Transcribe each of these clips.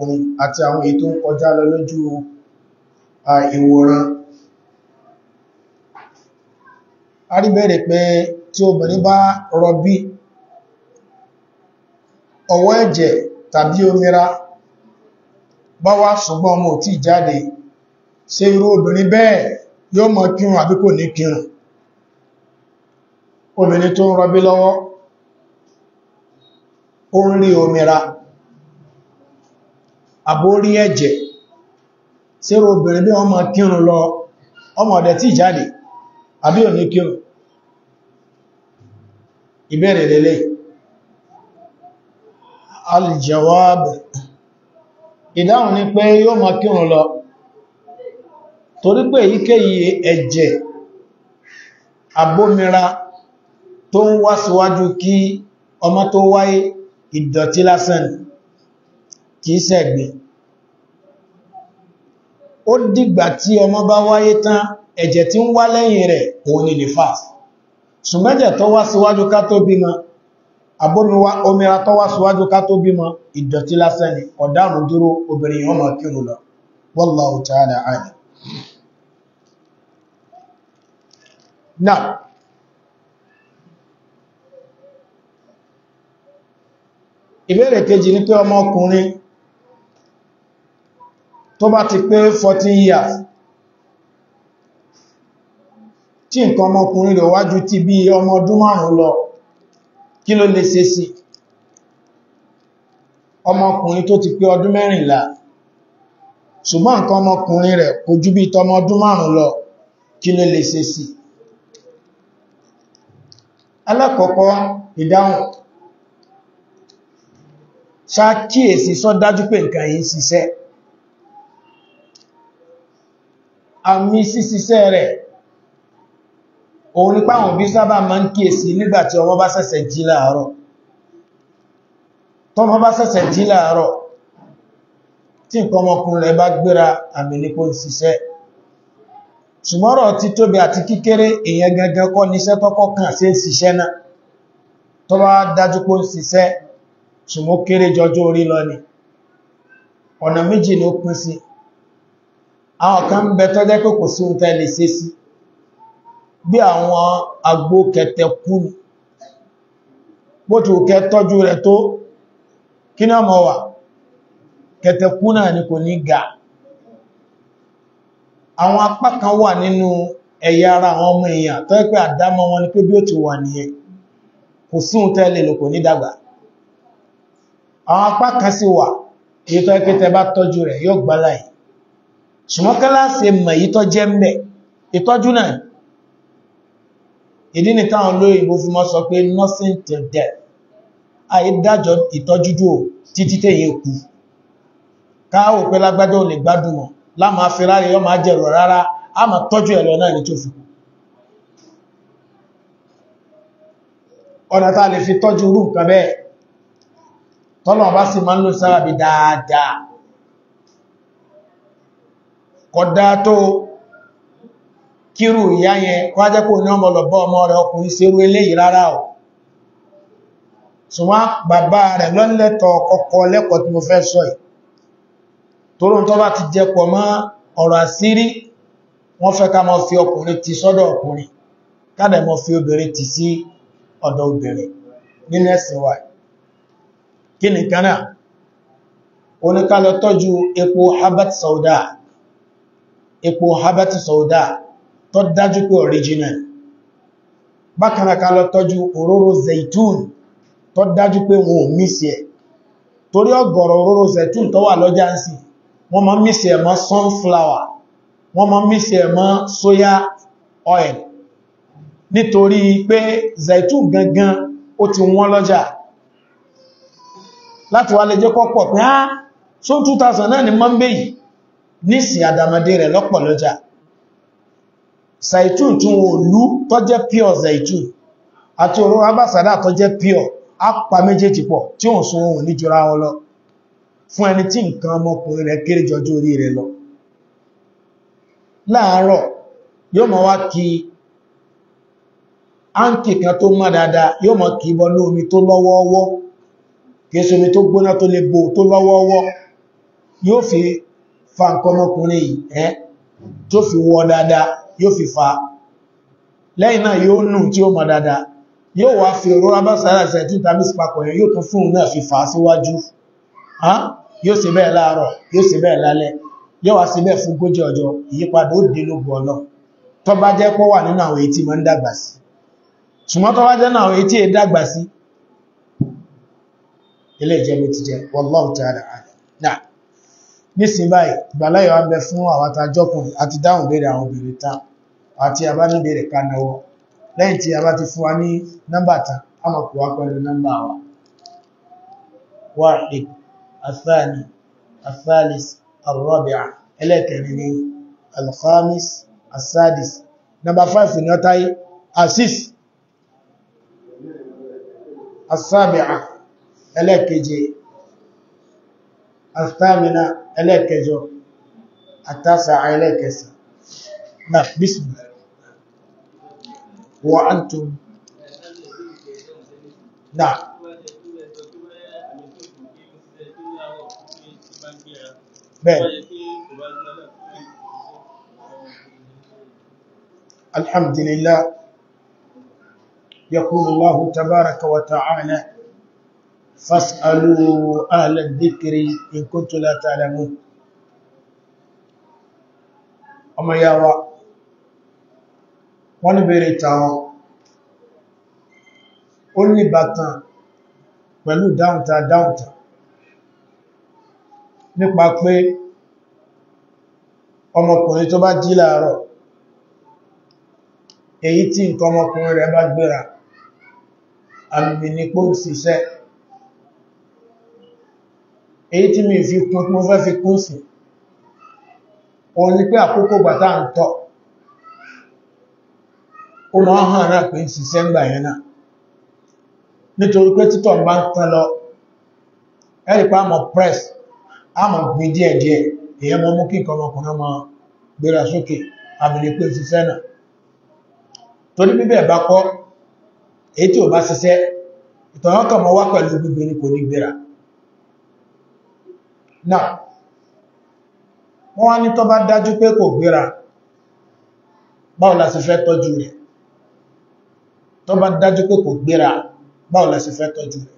ọkùnrin àti àwọn èyí tó ń kọjá lọ lójú ìwòran a rí bẹ̀rẹ̀ pé tí obìnrin bá rọbí ọwọ́ ẹ̀jẹ̀ tàbí omira bá wá ṣùgbọ́n ọmọ ò tí jáde ṣé irú obìnrin bẹ́ẹ̀ yóò mọ kírun àbí kò ní kírun obìnrin tó ń rọbí lọ́wọ́ ó rí omira àbórí ẹ̀jẹ̀ síro obìnrin bí wọ́n máa kírun lọ ọmọ ọ̀dẹ̀ tí ìjáde àbí òní kírun ìbéèrè lélẹ̀ aljawab ìdáhùn ni pé yóò máa kírun lọ torí pé èyíkéyìí ẹ̀jẹ̀ àbómira tó ń wá síwájú kí ọmọ tó wáyé ìdọ̀tí lásán ni kìí sẹ́gbìn ó dìgbà tí ọmọ bá wáyé tán ẹ̀jẹ̀ tí ń wá lẹ́yìn rẹ̀ òun ni nifas ṣùgbẹ́jẹ̀ tó wá síwájú ká tó bímọ abómiwá omira tó wá síwájú ká tó bímọ ìdọ̀tí ni ọ̀dáàmù dúró obìnrin ọmọ lọ tó bá ti pé 14 years tí nǹkan ọmọkùnrin rẹ̀ wájú ti bí ọmọ ọdún márùn lọ kí ló lè ṣe sí ọmọkùnrin tó ti pé ọdún mẹ́rìnlá ṣùgbọ́n nǹkan ọmọkùnrin rẹ̀ kò ju bí tọmọ ọdún márùn lọ kí ló lè ṣe sí alákọ̀ọ́kọ́ ìdáhùn ṣáà kíyèsí sọ dájú pé nǹkan yìí ṣiṣẹ́ àmì sísíṣẹ́ rẹ̀ òun ní páwọn òbí sábà máa ń kíyèsí nígbàtí ọmọ bá ṣẹ̀ṣẹ̀ jí láàárọ̀ tọ́mọ bá ṣẹ̀ṣẹ̀ jí láàárọ̀ tí nǹkan ọmọkùnrin rẹ̀ bá gbéra àmì nípo ṣiṣẹ́ ṣùgbọ́rọ̀ ti tóbi àti kíkéré èèyàn gangan kọ́ níṣẹ́ tọ́kọ́ kàn sí ṣiṣẹ́ náà tó bá ọ̀nà méjì ló pín sí àwọn kan ń bẹ tó jẹ́ pé kò sí ohun tẹ́ lè ṣe sí bí àwọn agbó kẹtẹ kú bó ti kẹ tọ́jú rẹ̀ tó kí náà mọ̀ ní ga àwọn apá kan wà nínú ẹ̀yà ara àwọn ọmọ èèyàn tó pé àdámọ́ wọn ni pé bí ó ti wà nìyẹn kò sí ohun lò kò ní ṣùgbọ́n kíláàsì mọ̀ yí tọ́ jẹ́ mẹ́ ìtọ́jú náà ìdí ni táwọn olóyìnbó fi mọ́ sọ pé nursing till death àìdájọ́ ìtọ́jú dúró títí tẹ́yẹ kú káàwò pé lágbájọ́ olè gbádùn wọn láàmà a máa tọ́jú ẹ̀lọ náà ní tó fi kú ọ̀nà tá a lè fi tọ́jú rú nǹkan bẹ́ẹ̀ tọ́lọ̀ bá sì máa ń lò sára bí dáadáa kọ̀dá tó kírù ìyá yẹn wájẹ́ kò ní ọmọ lọ̀bọ́ ọmọ rẹ̀ ọkùnrin serú eléyìí rárá ọ̀ ṣùgbọ́n bàbá rẹ̀ lọ́lẹ́tọ̀ kọ́kọ́ lẹ́kọ̀ọ́ tí mo fẹ́ sọ ì torún tó bá ti jẹ pọ̀ mọ́ ọ̀rọ̀ àṣírí wọ́n fẹ́ ká mọ́ fi ọkùnrin ti sọ́dọ̀ ọkùnrin kádẹ̀ mọ́ tọ́jú epo habat sauda epo habati sauda tó dájú pé original bákan náà ká lọ tọ́jú òróró zaitun tó dájú pé wọn ò mísì ẹ̀ torí ọ̀gọ̀rọ̀ òróró zaitun tó wà lọ́jà ń sì wọ́n máa mísì ẹ̀ mọ́ sunflower wọ́n máa mísì ẹ̀ mọ́ soya oil nítorí pé zaitun gangan ó ti wọ́n lọ́jà láti wá lè jẹ́ kó á so 2000 ni mọ́ nísìn àdàmàdé rẹ̀ lọ́pọ̀ lọ́jà zaitun tún olú tó jẹ́ pure zaitun àti òróró abásádà tó jẹ́ pure apá méjèèjì pọ̀ tí òun sun òun ní wọn lọ fún ẹni tí nǹkan ọmọkùnrin rẹ̀ kéré jọjú orí rẹ̀ lọ láàárọ̀ yóò mọ̀ wá kí áǹkì kan tó mọ́ dáadáa yóò mọ̀ kí bọ́nú omi tó lọ́wọ́ọ́wọ́ kìí ṣe omi tó gbóná tó lè bò tó lọ́wọ́ọ́wọ́ yóò fi fa nkọmọkùnrin ọmọkùnrin yìí ẹ́ tó fi wọ dáadáa yóò fi fa lẹ́yìn náà yóò nù tí ó ma dáadáa yóò wá fi òróró bá sára ìsẹ̀tí tàbí sípapọ̀ yẹn yóò tún fún un náà fi fà á síwájú yóò ṣe bẹ́ẹ̀ láàárọ̀ yóò ṣe bẹ́ẹ̀ lálẹ́ yóò wá ṣe bẹ́ẹ̀ fún gójì ọjọ́ ìyípadà ó dé nísìn báyìí ìgbàláyọ̀ abẹ fún àwọn àtàjọkùnrin àti dáhùn béèrè àwọn obìnrin tán àti àbá ní béèrè ká lẹ́yìn tí a bá ti fún wa ní nọ́mbà tán a mọ̀ kò wá pẹ̀lú nọ́mbà wa wáhid الثامنة إليك جو التاسعة إليك نعم بسم الله وأنتم نعم بل. الحمد لله يقول الله تبارك وتعالى فاسألوا أهل الذكر إن كنتم لا تعلمون ọmọ ya wa wọ́n ní bèèrè ìtàwọn ó ní ìbátan pẹ̀lú dáúntà dáúntà nípa pé ọmọkùnrin tó bá jí láàárọ̀ èyí tí nǹkan ọmọkùnrin rẹ̀ bá gbéra àmì ní pò èyí tí mi fi kún tí mo fẹ́ fi kún sí o ni pé àkókò gbàtà ń tọ́ ó máa hàn náà pé ń ṣiṣẹ́ ń gbà yẹn náà nítorí pé títọ̀ bá ń tán lọ press a mọ̀ gbin díẹ̀ díẹ̀ èyẹ mọ́ mú kí nǹkan ọmọkùnrin mọ́ gbéra sókè àbìlẹ̀ pé ṣiṣẹ́ náà torí bíbẹ̀ bá kọ́ èyí tí ò bá mọ́ wá náà wọ́n ní tó bá dájú pé kò gbéra báwo la sì fẹ́ tọ́jú rẹ̀ tó bá dájú pé kò gbéra báwo la sì fẹ́ tọ́jú rẹ̀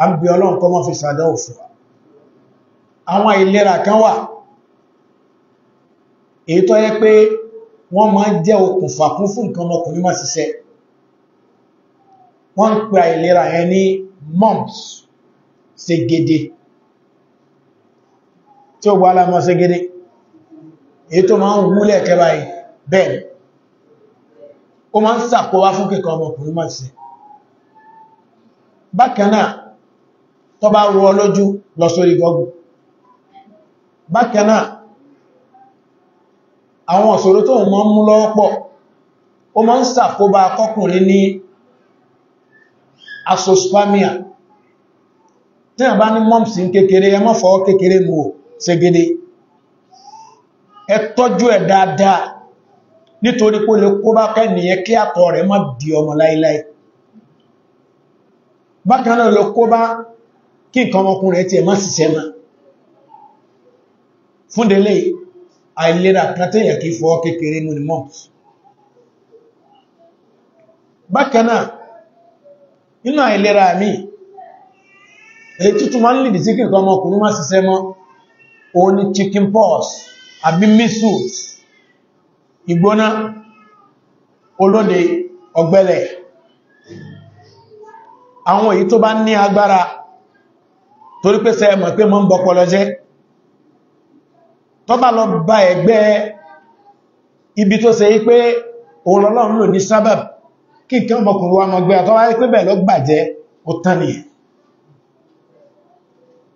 a ń bí ọlọ́run kọ́ mọ́ fi sàdá òfin àwọn ìlera kan wà èyí tó yẹ pé wọ́n máa jẹ́ okùnfà kún fún nǹkan ọmọkùnrin má ṣiṣẹ́ wọ́n ń pe àìlera yẹn mumps ségédé tí ó gbọ́lá mọ́ ségédé èyí tó máa ń wúlẹ̀ kẹba ì bẹ́ẹ̀ ó máa ń sàkówá fún kíkọ ọmọkùnrin máa ṣe bákanáà tó bá rú ọlójú lọ sórí gọ́gù bákanáà àwọn ọ̀sọ̀rọ̀ tó mọ́ mú lọ́pọ̀ ó máa ń sàkóbá akọ́kùnrin ní asospermia tí àbá ní mọ́msí kékeré ẹ má kékeré mú ò ṣegede ẹ tọ́jú ẹ̀ dáadáa nítorí lè kó bá kẹ́nìyàn kí rẹ̀ di ọmọ láíláí bákan náà lè kó bá kí nǹkan ọmọkùnrin ti ni mọ́ms bákan náà èyí tútù máa ń lè dìsí kìkan ọmọkùnrin má ṣiṣẹ́ mọ́ o ní chicken pox àbí measles ìgbóná olóde ọ̀gbẹ́lẹ̀ àwọn èyí tó bá ní agbára torí pé sẹ pé mọ́ ń jẹ́ lọ ibi tó ṣe pé òun lọ́lọ́run lò ní sábàb kí nǹkan ọmọkùnrin wa mọ̀ gbé àtọ́wáyé pé bẹ́ẹ̀ lọ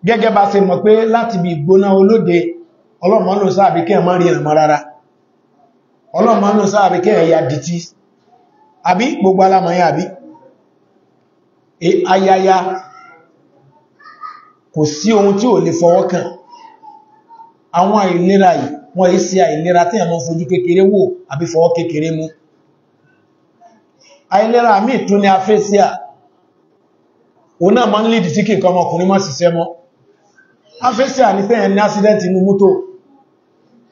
gẹ́gẹ́ bá ṣe mọ̀ pé láti bí ìgbóná olóde ọlọ́mọ́nù sáàbí kẹ́ mọ́ rí ẹ̀mọ́ rárá ọlọ́mọ́nù sáàbí kẹ́ ẹ̀yà dìtí àbí gbogbo alamọ̀yà àbí e, ayaya kò sí ohun tí ò lè fọwọ́ kàn àwọn àìlera yìí wọ́n yìí sí àìlera tí ẹ̀mọ́ fojú kékeré wò àbí fọwọ́ kékeré mú àìlera òun náà máa ń lè dìtí kí má ṣiṣẹ́ mọ́ afẹ́sẹ̀ ànífẹ́ ẹni accident inú mútó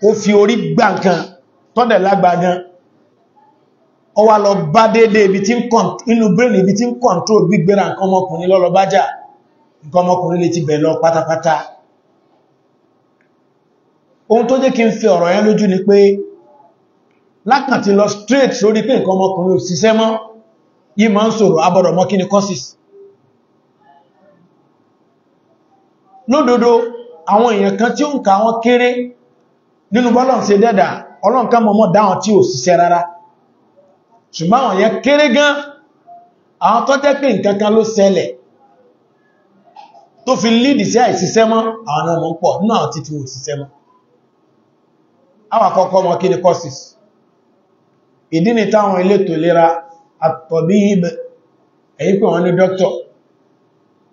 ó fi orí gbà nǹkan tọ́dẹ̀ lágbàgán ó wá lọ bá dédé ibi tí inú brain ibi tí ń control gbígbéra nǹkan ọmọkùnrin lọ́lọ bájá nǹkan ọmọkùnrin lè ti bẹ̀ lọ pátápátá ohun tó jẹ́ kí n fi ọ̀rọ̀ yẹn lójú ni pé lákàntí lọ straight sórí pé nǹkan ọmọkùnrin ò ṣiṣẹ́ mọ́ yí máa ń sọ̀rọ̀ abọ́dọ̀ mọ́ ni causes lódodo àwọn èèyàn kan tí ó ń ka wọn kéré nínú bọ́lọ̀n ṣe dẹ́dà ọlọ́n ká mọ̀mọ́ dáhùn tí ò ṣiṣẹ́ rárá ṣùgbọ́n àwọn yẹn kéré gan àwọn tó jẹ́ pé nǹkan kan ló ṣẹlẹ̀ tó fi lídì sí àìṣiṣẹ́ mọ́ àwọn ọmọ pọ̀ nínú àwọn títí ò ṣiṣẹ́ mọ́ àwọn àkọ́kọ́ ọmọ kí ni courses ìdí ni táwọn elétò ìlera àtọ̀bí ibẹ̀ èyí pé wọ́n ní dókítọ̀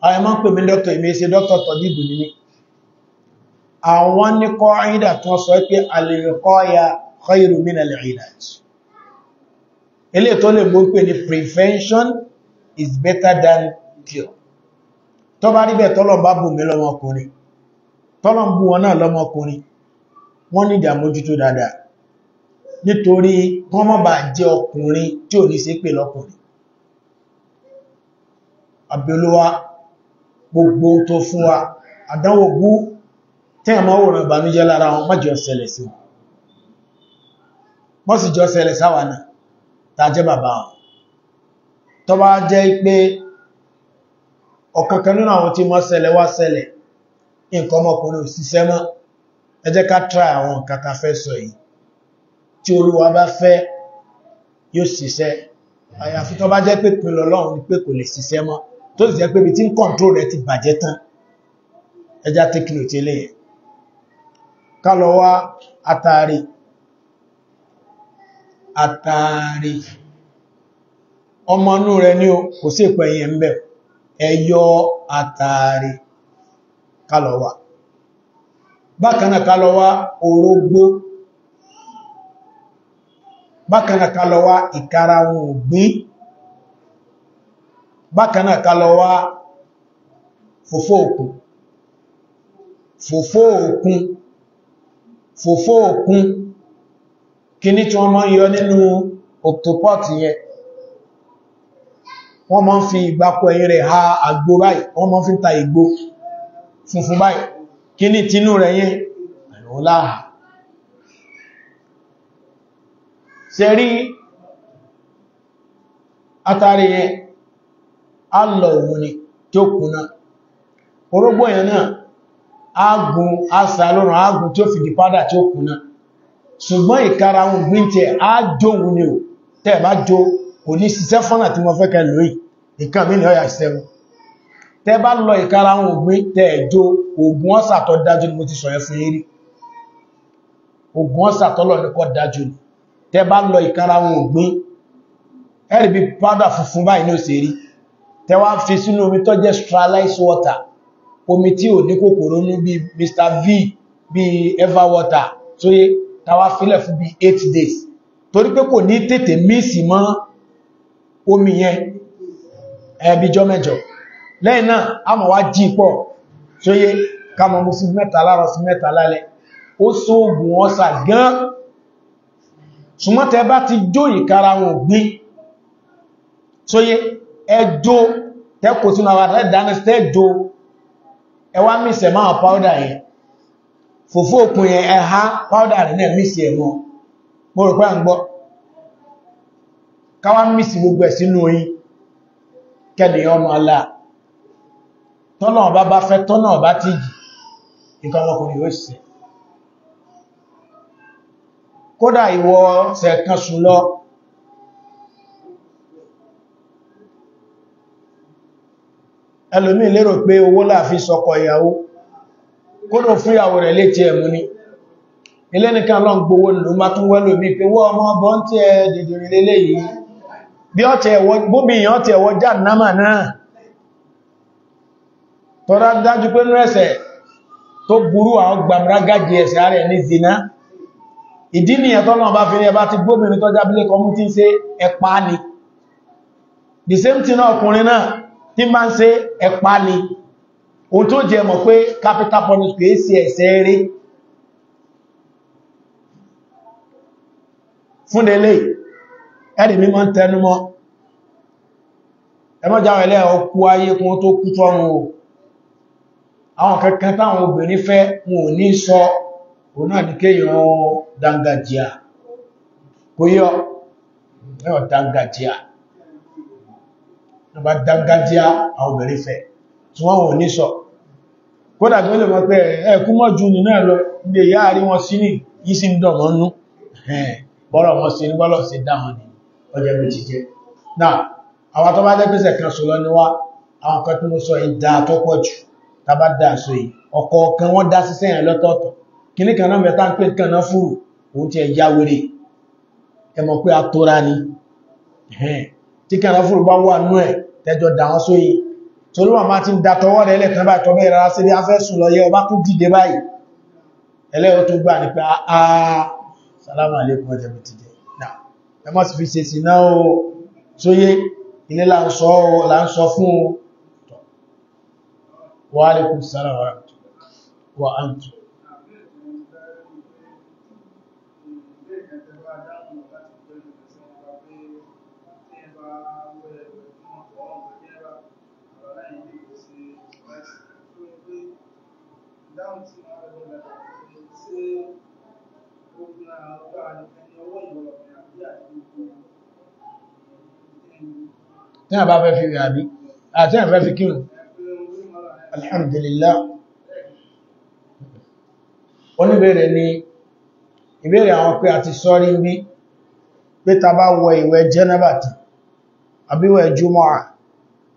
àwọn ẹmọ́ pè mí dọ́kítọ̀ ìmé ṣe dọ́kítọ̀ tọ̀bíbù ní mí àwọn ní kọ́ ìdà tó sọ pé alìrìkọ́ ya khairu min al-ilaj ilé tó lè mú pé ní prevention is better than cure tó bá rí bẹ̀ tọ́lọ̀ bá bù mí lọ́mọkùnrin tọ́lọ̀ bù wọn náà lọ́mọkùnrin wọ́n ní ìdàmójútó dáadáa nítorí wọ́n mọ́ bá jẹ́ ọkùnrin tí ò ní ṣe pé lọ́kùnrin àbẹ̀lówá gbogbo tó fún wa àdánwò bú tí a máa wòrán ìbànújẹ́ lára wọn má jọ ṣẹlẹ̀ sí wọn mọ́ sì jọ ṣẹlẹ̀ sáwà náà tàà jẹ́ bàbá wọn tó bá jẹ́ pé ọ̀kankan nínú àwọn tí mọ́ ṣẹlẹ̀ wá ṣẹlẹ̀ nǹkan ọmọkùnrin ò síṣẹ́ mọ́ ẹ ká try àwọn nǹkan fẹ́ sọ yìí tí olúwa bá fẹ́ yóò síṣẹ́ àyàfi tó bá jẹ́ pé pinlọ́lọ́run ni pé kò lè síṣẹ́ mọ́ tó sì jẹ́ pé ibi tí ń kọ̀ntró rẹ̀ ti bàjẹ́ tán ẹjá take note eléyẹn ká àtàrí àtàrí ọmọ inú rẹ̀ ní o kò sí ìpẹ̀ yẹn ń bẹ̀ ẹyọ àtàrí ká lọ wá bákan náà ká orógbó bákan náà ká lọ ògbín bákanáà ká lọ wá fòfó òkun fòfó òkun fòfó òkun kíní tí wọ́n máa ń yọ nínú octopus yẹn wọ́n máa fi ìgbàpọ̀ ẹ̀yìn rẹ̀ ha àgbò báyìí wọ́n máa ń fi ta ìgbó funfun báyìí kíní tínú rẹ̀ yẹn ẹ̀rọ atari yẹn á lọ òun ni tí ó kùnà orógbó èèyàn náà ágùn àṣà lọ́rùn ágùn tí ó fi dìpádà tí ó kùnà ṣùgbọ́n ìkara ohun gbíntẹ̀ á òun ni ò tẹ́ẹ̀ bá jó kò ní ṣiṣẹ́ fọ́nà tí wọ́n fẹ́ kẹ lóyìí nǹkan mí ni ọ̀yà ṣiṣẹ́ wọn tẹ́ bá lọ ìkara ohun ògbín tẹ́ ẹ̀jọ ògùn ọ̀sà tó dájú ni mo ti sọ ẹ fún eré ògùn ọ̀sà tó lọ ẹ̀rì bí pádà funfun báyìí ní òṣèré tẹ wá fi sínú omi tó jẹ́ water omi tí ò ní kòkòrò ní bí Mr V bí ever water tó yé tàwa filẹ̀ fún bí 8 days torí pé kò ní tètè mísì mọ́ omi yẹn ẹbíjọ mẹ́jọ lẹ́yìn náà a mọ̀ wá jí pọ̀ tó yé ká mọ̀ mú sí mẹ́ta lára sí mẹ́ta lálẹ́ ó sóògùn ọ̀sà gan ṣùgbọ́n tẹ bá ti jó ìkara wọn gbé tó yé ẹjọ́ tẹ́kò sínú àwọn àtẹ́dáná tẹ́jọ́ ẹwà ma máa pàódà yẹn fòfó òkun yẹn ẹha pàódà rẹ̀ náà mísẹ̀ ẹ̀mọ́ mo rò káwà gbogbo ẹ̀ sínú ọmọ tọ ọba kódà ẹlòmí lérò pé owó láàfin sọkọ ìyàwó kódò fún ìyàwó rẹ̀ létí ẹ̀mú ni ilé nìkan lọ ń gbowó lò má tún wẹ́lòmí pé wọ́n ọmọ ọbọ̀ ń tí ẹ dìdìrì lélẹ̀ yìí bí bóbìyàn ti ẹ̀wọ́ já náà náà tọ́rá dájú pé nú ẹ̀ṣẹ̀ tó burú àwọn gbàmrágájì the same thing náà ọkùnrin tí máa ń se ẹ̀pá ni ohun tó jẹ mọ̀ pé capital punishment kìí sí ẹ̀ṣẹ̀ eré fún délé ẹ̀rì mímọ̀ ń tẹnumọ́ ẹmọ́jáwẹ̀lẹ́ ọkú ayé tó kú o àwọn táwọn obìnrin fẹ́ wọn ò ní sọ òun náà ní kéyàn dangajia kò yọ ọba dangájíá àwọn obìnrin fẹ́ tí wọ́n wọ́n ní sọ kódà tí wọ́n lè mọ́ pé ẹ̀kú mọ́ ju ní náà lọ ilé ìyá àrí wọn sí ní yí sí ń dọ̀ mọ́ nú bọ́rọ̀ wọn sí ní bọ́lọ̀ sí dáhùn ní ọjọ́ ibi jíjẹ náà àwọn tó bá jẹ́ pèsè kan sọ lọ níwá àwọn tí kẹrànfúrú bá wà nú ẹ̀ tẹjọ dáwọn sóyí torí wọ́n máa ti ń datọwọ́ rẹ̀ lẹ́kàn bá tọ́bẹ̀ ìrara sí bí a fẹ́ sùn lọ yẹ ọba kú dìde báyìí ẹlẹ́yọ tó gbà ní pé àà sàlámà lẹ́kùn ọjọ́ mi ti jẹ́ náà ẹ má sì fi ṣe sí náà là ń sọ fún wa alaikum salaam wa rahmatullahi wa barakatuh tí a bá fẹ́ fi rẹ̀ àbí àti ẹ̀fẹ́ fi kírùn alhamdulillah oníbẹ̀rẹ̀ ni ìbẹ̀rẹ̀ àwọn pé a ti sọ́rí bí pé ta bá wọ ìwẹ̀ jẹ́nàbàtì àbíwẹ̀ jùmọ́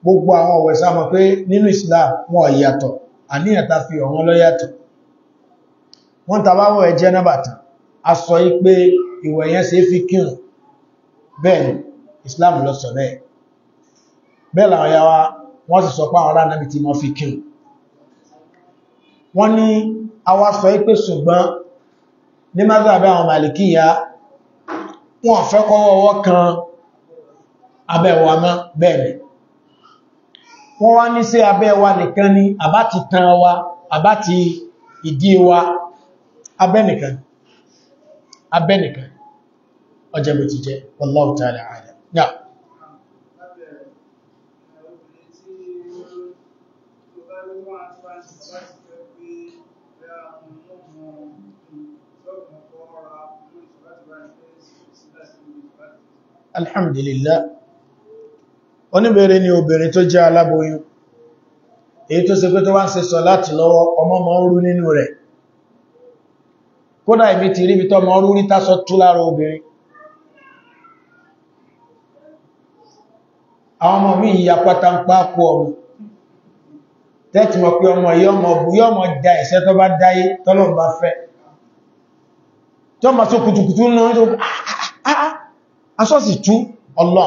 gbogbo àwọn ọ̀wẹ̀ sáàmọ̀ pé nínú Islam wọ́n yàtọ̀ àníyàn ta fi ọ̀wọ́n lọ́yàtọ̀ wọ́n ta báwọ̀ ẹ̀jẹ́ nábàtà a sọ yí pé ìwẹ̀ yẹn ṣe fi kírun bẹ́ẹ̀ Islam lọ sọ bẹ́ẹ̀ bẹ́ẹ̀ làwọn ya wa wọ́n sì sọ pé àwọn aráàlú ti mọ́ fi kírun wọ́n ní a wá sọ yí pé ṣùgbọ́n ní mọ́sàbẹ́ àwọn màlìkíyà wọ́n fẹ́ kọ́wọ́ kan abẹ́wọ̀ àmọ́ bẹ́ẹ̀ wọ́n wá ní sí abẹ́ wa nìkan ni àbá ti tan wa àbá ti ìdí wa abẹ́ nìkan ọjọ́ bó ti jẹ́ wallahu ta'ala alhamdulillah oníbẹ̀rẹ̀ ni obìnrin tó jẹ́ aláboyún èyí tó ṣe pé tó wá ń ṣe sọ láti lọ́wọ́ ọmọ mọ́ rú nínú rẹ̀ kódà ibi ti ríbi tọ́ mọ́ rú rí tásọ tú lára obìnrin àwọn ọmọ mi ìyá pátá ń pápọ̀ ọmọ tẹ́tì mọ̀ pé ọmọ yìí ọmọ ọbù yọ́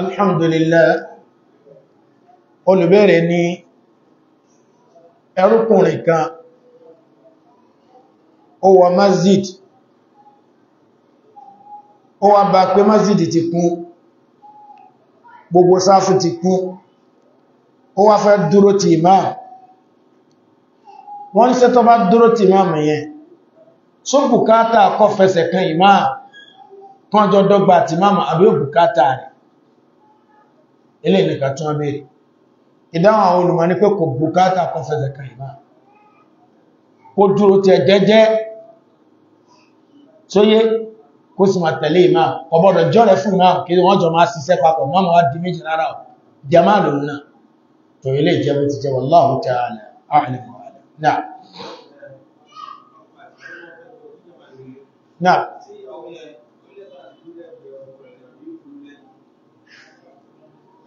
alhamdulillah olùbẹ̀rẹ̀ ni ẹrùkùnrin kan ó wà masjid ó wà bá pé masjid ti kún gbogbo sáfù ti kún ó wá fẹ́ dúró ti imam wọ́n ní sẹ́tọ́ bá dúró ti imam yẹn só bùkátà kọ́ fẹsẹ̀ kan imam kan jọ dọ́gba ti imam àbí bùkátà rẹ̀ ilé ìlẹ̀kà tí wọ́n bèèrè ìdáhùn àwọn olùmọ̀ ní pé kò bùkátà kan fẹ́fẹ́ kan ìmá kó dúró ti ẹ̀jẹ́jẹ́ sóyé kó sì máa tẹ̀lé ìmá ọbọ̀dọ̀ jọ́ rẹ̀ fún ìmá kí wọ́n jọ máa ṣiṣẹ́ papọ̀ mọ́mọ́ wá di méjì lára ọ̀ jẹmá lòun náà tó ilé ìjẹ́bù ti jẹ́ wallahu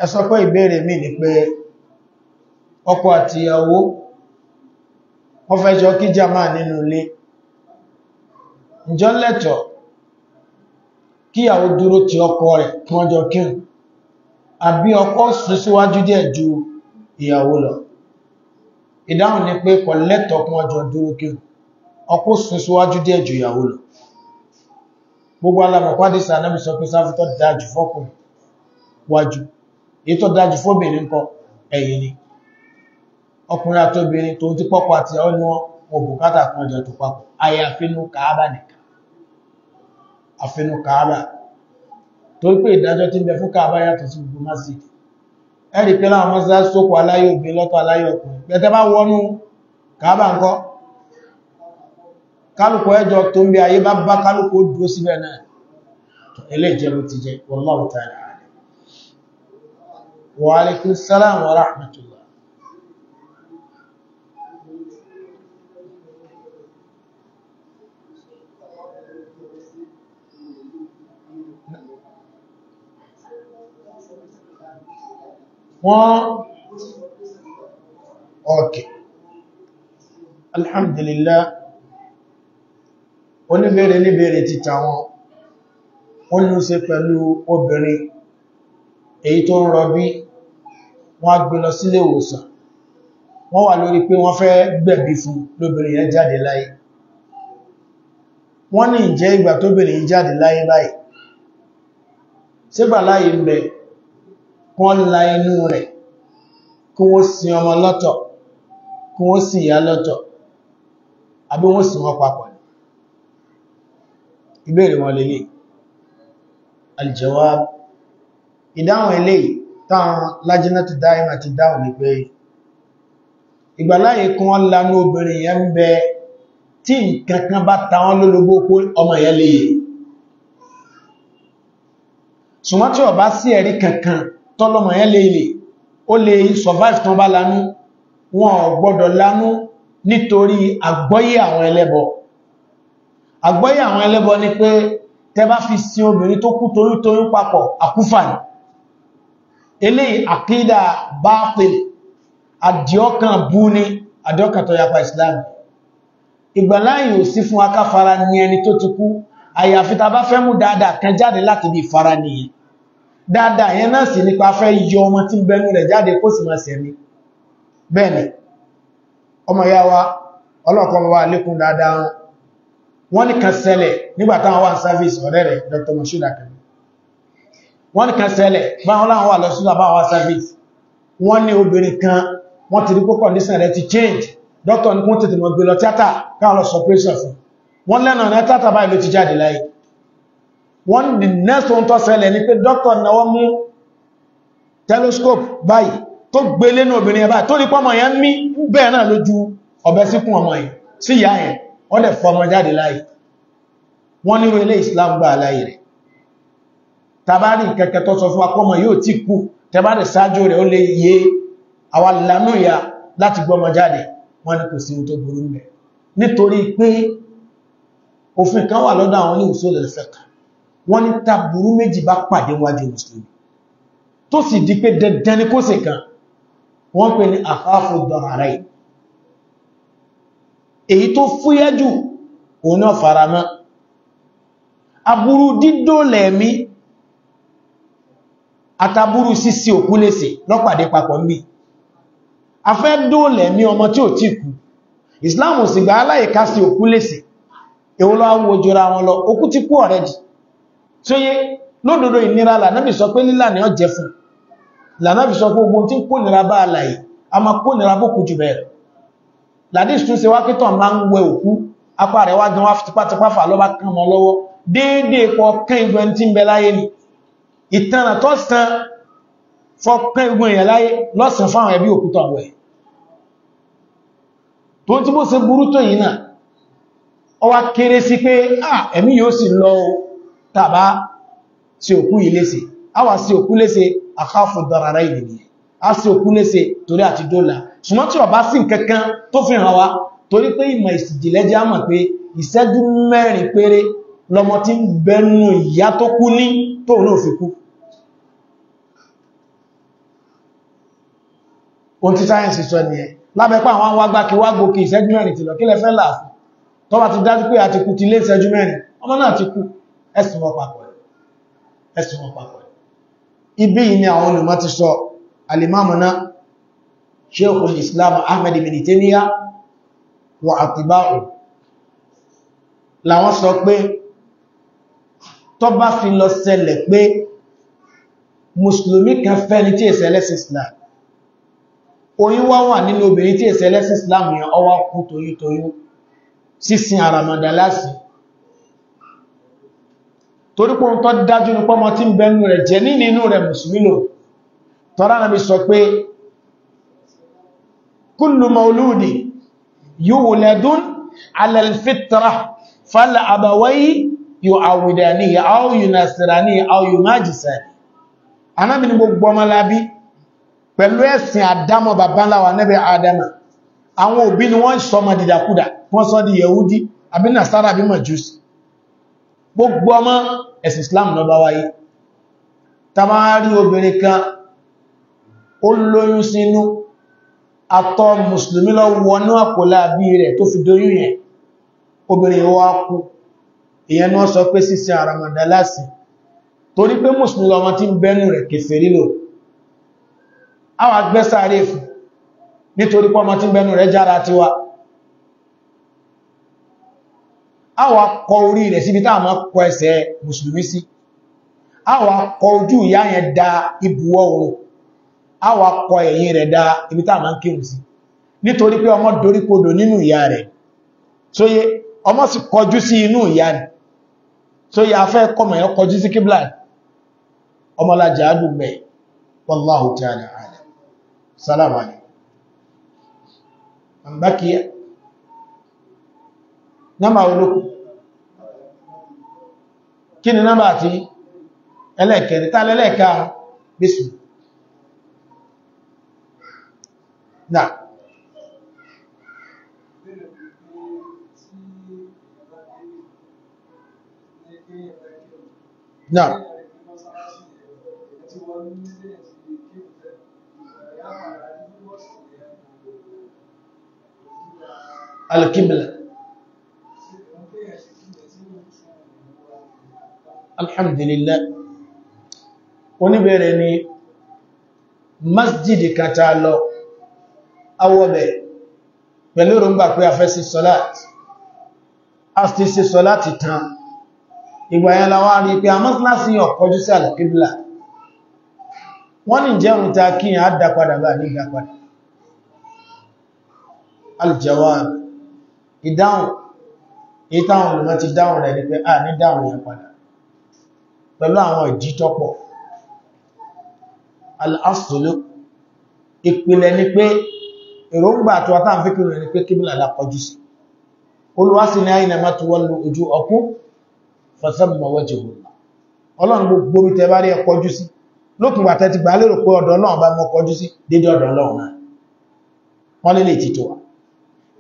ẹsọ pé ìbéèrè mi ni pé ọkọ àti ìyàwó wọ́n fẹ́ jọ kí jàmá nínú ilé ǹjọ́ lẹ́tọ̀ọ́ kí ìyàwó dúró ti ọkọ rẹ̀ kí wọ́n jọ kírun àbí ọkọ sún síwájú díẹ̀ ju ìyàwó lọ ìdáhùn ni pé kò lẹ́tọ̀ọ́ kí wọ́n jọ dúró kírun ọkọ sún síwájú díẹ̀ ju ìyàwó lọ gbogbo alamọ̀pádìsà náà sọ pé sáfútọ́ dájú fọ́kùnrin wájú èyí tó dájú fóbìnrin kọ ẹ̀yìn ni ọkùnrin àtobìnrin tó ti pọ́pọ̀ àti ọ́ ní wọn bùkátà kan jẹ tó papọ̀ ayé kàábà nìkan àfinú kàábà tó pé ìdájọ́ tí ń bẹ fún kàábà yàtọ̀ sí gbogbo masjid ẹ̀rì pé láwọn mọ́sá sókò aláyé obìnrin lọ́tọ̀ aláyé ọkùnrin pẹ̀tẹ́ bá wọnú kàábà ńkọ́ kálùkù ẹjọ́ tó ń bẹ ayé bá bá kálùkù dúró síbẹ̀ náà eléjẹ́ ló ti jẹ́ Wa alaikum salam wa rahmatullah. wọ́n ọ̀kẹ̀ alhamdulillah oníbẹ̀rẹ̀ níbẹ̀rẹ̀ títà wọn wọ́n ní ó pẹ̀lú obìnrin èyí tó ń rọbí wọ́n á gbé lọ sílé ìwòsàn wọ́n wà lórí pé wọ́n fẹ́ gbẹ̀bí fún lóbìnrin yẹn jáde láyé wọ́n ní ìjẹ́ ìgbà tóbìnrin yẹn jáde láyé láyé sígbà láyé ń bẹ wọ́n la inú rẹ̀ kí wọ́n sin ọmọ lọ́tọ̀ kí wọ́n sin ìyá lọ́tọ̀ àbí wọ́n sin wọn papọ̀ ìbéèrè wọn lélẹ̀ aljawab ìdáhùn eléyìí táwọn lájínà ti dáyìn àti dáhùn ní pé ìgbàláyé kí wọ́n lanú obìnrin yẹn ń bẹ tí nǹkankan bá ta wọ́n lólobó pé ọmọ yẹn lè ṣùgbọ́n tí ó sí ẹ̀rí kankan tọ́lọmọ yẹn lè lè ó lè survive tán bá lanú wọn ò gbọ́dọ̀ lanú nítorí àgbọ́yé àwọn ẹlẹ́bọ àgbọ́yé àwọn ẹlẹ́bọ ni pé tẹ bá fi sin obìnrin tó kú toyúntoyún papọ̀ àkúfà ni eléyìí àkídà bátil àdíọ́kàn bú ní àdíọ́kàn tó yapa islam ìgbàláyìn ò sí fún akáfara ní ẹni tó ti kú àyàfi ta bá fẹ́ mú dáadáa kan jáde láti bí fara nìyẹn dáadáa yẹn náà sì nípa fẹ́ yọ ọmọ tí ń bẹnu rẹ̀ jáde kó sì máa sẹ̀mí service ọ̀rẹ́ Dr. Moshood Akande wọ́n ní kan ṣẹlẹ̀ báwọn láwọn wà lọ sí àbáwà service wọ́n ní obìnrin kan wọ́n ti rí pé condition rẹ̀ ti change doctor ní kún tètè mọ̀ gbé lọ tíátà káwọn lọ operation fún wọ́n lẹ́nà ní tíátà báyìí ló ti jáde láyé wọ́n the next one tó ṣẹlẹ̀ ni pé doctor náwó mú telescope báyìí tó gbé lẹ́nu obìnrin ẹ̀bá tó rí pọ́mọ yẹn mí bẹ́ẹ̀ náà lójú ọ̀bẹ síkún ọmọ yẹn sí ìyá yẹn wọ́n lè fọmọ jáde láyé wọ́n nírú ilé Islam gbà láyé tàbárì kẹkẹ tó sọ fún akọ́mọ̀ yóò tí kú tẹbárì sáájú rẹ̀ ó lè yé àwa lànà ìyá láti gbọmọ jáde wọ́n ní kò sí ohun tó burú mẹ́ nítorí pé òfin kan wà lọ́dọ̀ àwọn ní usul al-fiqh wọ́n ní ta burú méjì bá pàdé wájú mùsùlùmí tó sì di pé dandan ni kó sì kan wọ́n pè ní àfáàfù dọ̀hàrá èyí tó fúyẹ́ òun náà faramọ́ aburú dídó lẹ̀mí Ataburu sisi òkú lèsè lọ́pàdé papọ̀ ń bí a fẹ́ dóòlẹ̀ ní ọmọ tí ò tí kú Islam sì gbà aláìká sí òkú lèsè èwo ló àwọn ojúra wọn lọ òkú ti kú ọ̀rẹ́dì tí ó yé lódodo ìnira lànàbì sọ pé lílà ní ọjẹ́ fún lànàbì sọ pé ogun tí kó nira bá alàyè a máa kó nira bó kú bẹ̀rẹ̀ làdí ìsún se wákítọ̀ máa ń wẹ òkú apá rẹ̀ wá gan wá tipátipá fà lọ́bá kán mọ́ lọ́wọ́ déédéé pọ̀ kán ìgbẹ́ tí ń bẹ láyé ni ìtànà tó sàn fọ́pẹ́ igun èèyàn láyé lọ́sàn fáwọn ẹbí òkúta ọ̀wẹ̀ tó tí bó ṣe burú tó yìí náà ọ wá kéré sí pé ẹ̀mí yóò sì lọ tàbá sí òkú ilése a wà sí òkú lése àkáfù darara ìdìdì a sí òkú lése torí àti dọ́là ṣùgbọ́n tí ọba kú ohun tí sáyẹ̀nsì sọ ni ẹ lábẹ́pá àwọn wágbá kí wá gbókè ìṣẹ́jú mẹ́rin ti lọ kí lẹ fẹ́ láàfún tó bá ti dájú pé àti kú ti lé ìṣẹ́jú mẹ́rin ọmọ náà ti kú ẹ̀sùn papọ̀ ẹ̀sùn wọn ibi yìí ni àwọn olùmọ̀ ti sọ alimamuna sheikhul islam ahmed ibn teniya wa atiba'u làwọn sọ pé tó bá fi lọ ṣẹlẹ̀ kan fẹ́ ní tí ìṣẹ̀lẹ̀ islam oyún wá wà nínú obìnrin tí èsẹ̀ lẹ́sìn Islam yẹn ọwá kú toyútoyú sísin àràmàdà láti torípò ń tọ́ dájú ní pọ́mọ tí ń bẹnu rẹ̀ jẹ́ nínú inú rẹ̀ mùsùlùmí lò tọ́rá nàbí sọ pé kullu mauludi yuwladun ala al pẹ̀lú ẹ̀sìn àdámọ̀ bàbá ńlá wa nẹ́bẹ̀ àdámà àwọn òbí ni wọ́n sọ ọmọ dìdàkúdà wọ́n sọ di yẹ̀údí àbí nàṣàrà àbí mọ̀júsì gbogbo ọmọ ẹ̀sìn Islam ló bá wáyé tàbárí obìnrin kan ó lóyún sínú àtọ̀ mùsùlùmí lọ wọnú àpòlá bí rẹ̀ tó fi dóyún yẹn obìnrin wá kú ìyẹn ni wọ́n sọ pé sísin àràmàdà lásì torí pé mùsùlùmí lọmọ tí ń bẹnu rẹ̀ kèfèrí lò àwọn agbẹ́sàárè fún nítorí pọ́mọ tí gbẹnu rẹ̀ jára ti wá àwọn akọ orí rẹ̀ síbi táàmọ́ kọ ẹsẹ̀ mùsùlùmí sí àwọn akọ ojú ìyá yẹn da ibùwọ̀ oòrùn àwọn akọ ẹ̀yìn rẹ̀ da ibi táàmọ́ ń kírun sí nítorí pé ọmọ doríkodò nínú ìyá rẹ̀ sóyé ọmọ sì kọjú sí inú ìyá rẹ̀ sóyé afẹ́ ẹ̀ kọjú sí kíblà سلام عليكم من بكي نما أولوكم كين نما أتي إليك نتعال إليك باسم نعم نعم alkibla alhamdulillah oníbẹ̀rẹ̀ ni masjidi kata lọ awọ́bẹ̀ pẹ̀lú rọ̀mbà pé a fẹ́ sí sọ́láàtì a ti sí sọ́láàtì tán ìgbàyàn láwá rí pé a mọ́sílásí ọ̀kọjú sí alkibla wọ́n ni jẹun ta kíyàn á dápadà bá ní dápadà aljawab ìdáhùn ìtàwọn olùmọ́ ti dáhùn rẹ̀ ní pé a ní dáhùn yẹn padà pẹ̀lú àwọn ìdí tó pọ̀ ìpìlẹ̀ ni pé èròǹgbà tó wátà ń fi kìrò ní pé kíbìlà lápọ̀jú sí olùwásí ní àyínà má tó wọ́n lo ojú ọkú fasamma wajhu ọlọ́run gbogbo orí tẹ bá rí ẹkọjú sí lókùn wà tẹ́tí gbà lérò pé ọ̀dọ̀ sí dédé ọ̀dọ̀ náà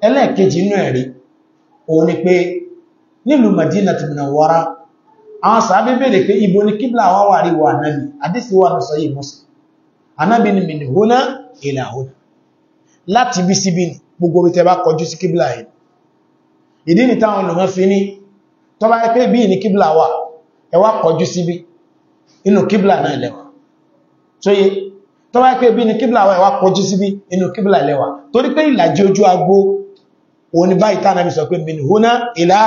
ẹlẹ́ẹ̀kejì inú ẹ̀rí òun ni pé nílùú Madinatu Munawwara àwọn sàábé bèèrè pé ibo ni kíblà àwọn wà rí wà náàbì àdísí wà náà sọ́yí mọ́sí anábì ni min huna ila huna láti bí síbí gbogbo orí tẹbá kọjú sí kíblà ẹ̀ ìdí ni táwọn olùmọ́ fi ní tó bá pé bí ní kíblà wà ẹ wá kọjú síbí inú kíblà náà lẹ́wà tóyé tó bá pé bí ní kíblà wà ẹ wá kọjú síbí inú kíblà lẹ́wà torí pé ìlàjì ojú agbó òun ni báyìí tánàbí sọ pé min húnná ìlà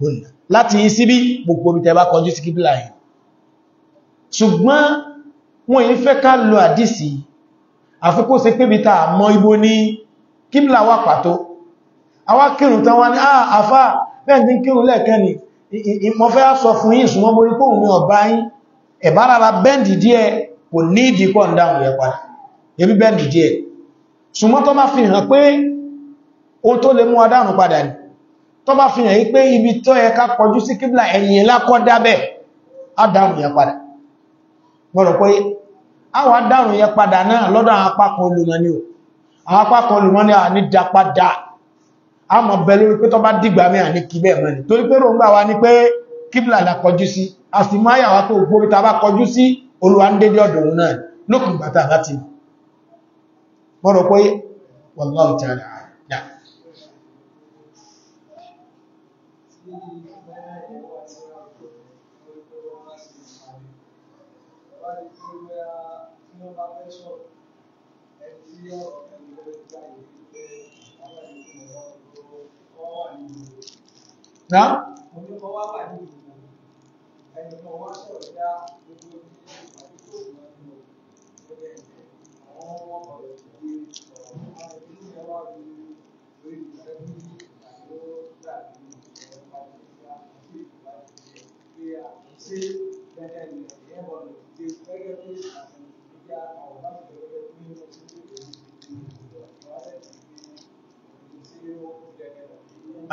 húnná láti yí síbí gbogbo bí tẹba kọjú sí kíbílà yìí ṣùgbọ́n wọ́n yí fẹ́ ká lo àdísì àfikó ṣe pé bíta àmọ́ ibo ní kíbílà wà pàtó àwa kírun tán wá ní ah, àfá bẹ́ẹ̀ni kírun lẹ́ẹ̀kẹ́ ni mo fẹ́ sọ fún yín ìsúnmọ́ borí tó má fi hàn pé o tó lè mú adáàrùn padà ní tó bá fi hàn yí pé ibi tó yẹ ká kọjú sí kíblà ẹ̀yìn lákọ́ dábẹ̀ adáàrùn yẹn padà mọ́rọ̀ pé àwọn adáàrùn yẹn padà náà lọ́dọ̀ àwọn apákan olùmọ̀ ni o àwọn apákan olùmọ̀ ni a ní dá pé tó bá dìgbà la kọjú sí a sì máa yà wá pé ògbóbi ta bá kọjú sí bá fẹ́ sọ̀rọ̀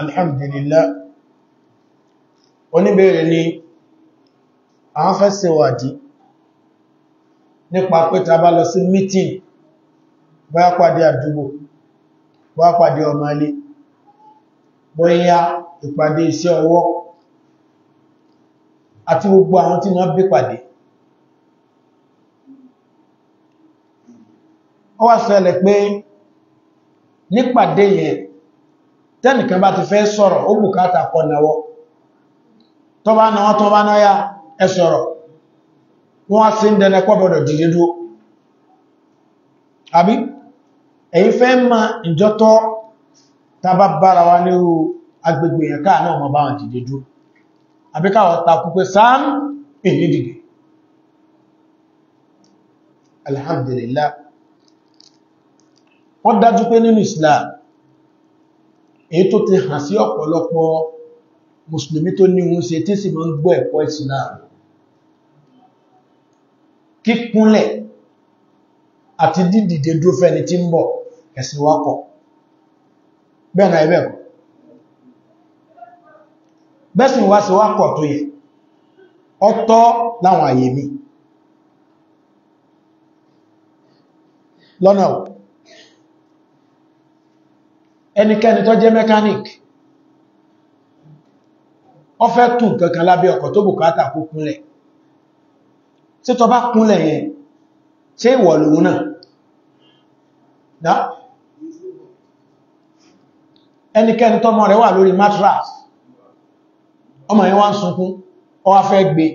alhamdulillah oníbèèrè ni àwọn fẹ́ ṣe wádìí nípa pé ta bá lọ sí meeting bóyá pàdé àdúgbò bóyá pàdé ọmọ ilé bóyá ìpàdé iṣẹ́ ọwọ́ àti gbogbo àwọn tí wọ́n bí pàdé ó wá ṣẹlẹ̀ pé nípàdé yẹn tẹ́nìkan bá ti fẹ́ sọ̀rọ̀ ó bùkátà kọ náwọ́ tó bá náwọ́ tó bá náyá ẹ sọ̀rọ̀ wọ́n á sí ń dẹnẹ pọ́bọ̀dọ̀ dìde dúó àbí èyí fẹ́ ma alhamdulillah ó dájú pé nínú Islam èyí tó ti hàn sí ọ̀pọ̀lọpọ̀ mùsùlùmí tó ní oun ṣe tí sì máa ń gbọ́ ẹ̀kọ́ Islam kíkúnlẹ̀ àti dídìde dúró fẹ́ni tí ń bọ̀ ẹ̀sìn wápọ̀ bẹ́ẹ̀rẹ̀ ẹ̀bẹ̀kọ̀ bẹ́sìn wá sí wápọ̀ tó yẹ ọ̀tọ̀ láwọn àyèmí lọ́nà ọ̀ ẹnikẹ́ni tó jẹ́ mechanic ó fẹ́ tún kankan lábẹ́ ọkọ̀ tó bùkátà kó kúnlẹ̀ tí tó bá kúnlẹ̀ yẹn tí ìwọ̀ lòun náà dá ẹnikẹ́ni tọ́mọ rẹ̀ wà lórí matras ọmọ yẹn wá ń sunkún ó wá fẹ́ gbé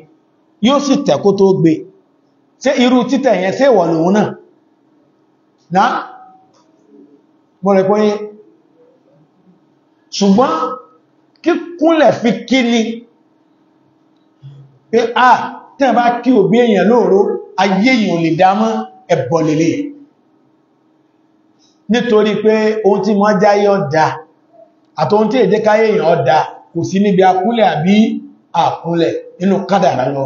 yóò sì tẹ̀ kó tó gbé tí irú títẹ̀ yẹn tí ìwọ̀ lòun náà dá mọ̀rẹ̀ ṣùgbọ́n kíkúnlẹ̀ fi kí ni pé a tẹ́ bá kí òbí èèyàn lóòró ayé èèyàn lè dámọ́ ẹ̀bọ̀ lèlè nítorí pé ohun tí mọ́ jáyé ọ̀dá àtòhun tí èdè káyé èèyàn ọ̀dá kò sí níbi akúnlẹ̀ àbí àkúnlẹ̀ nínú kádàrá lọ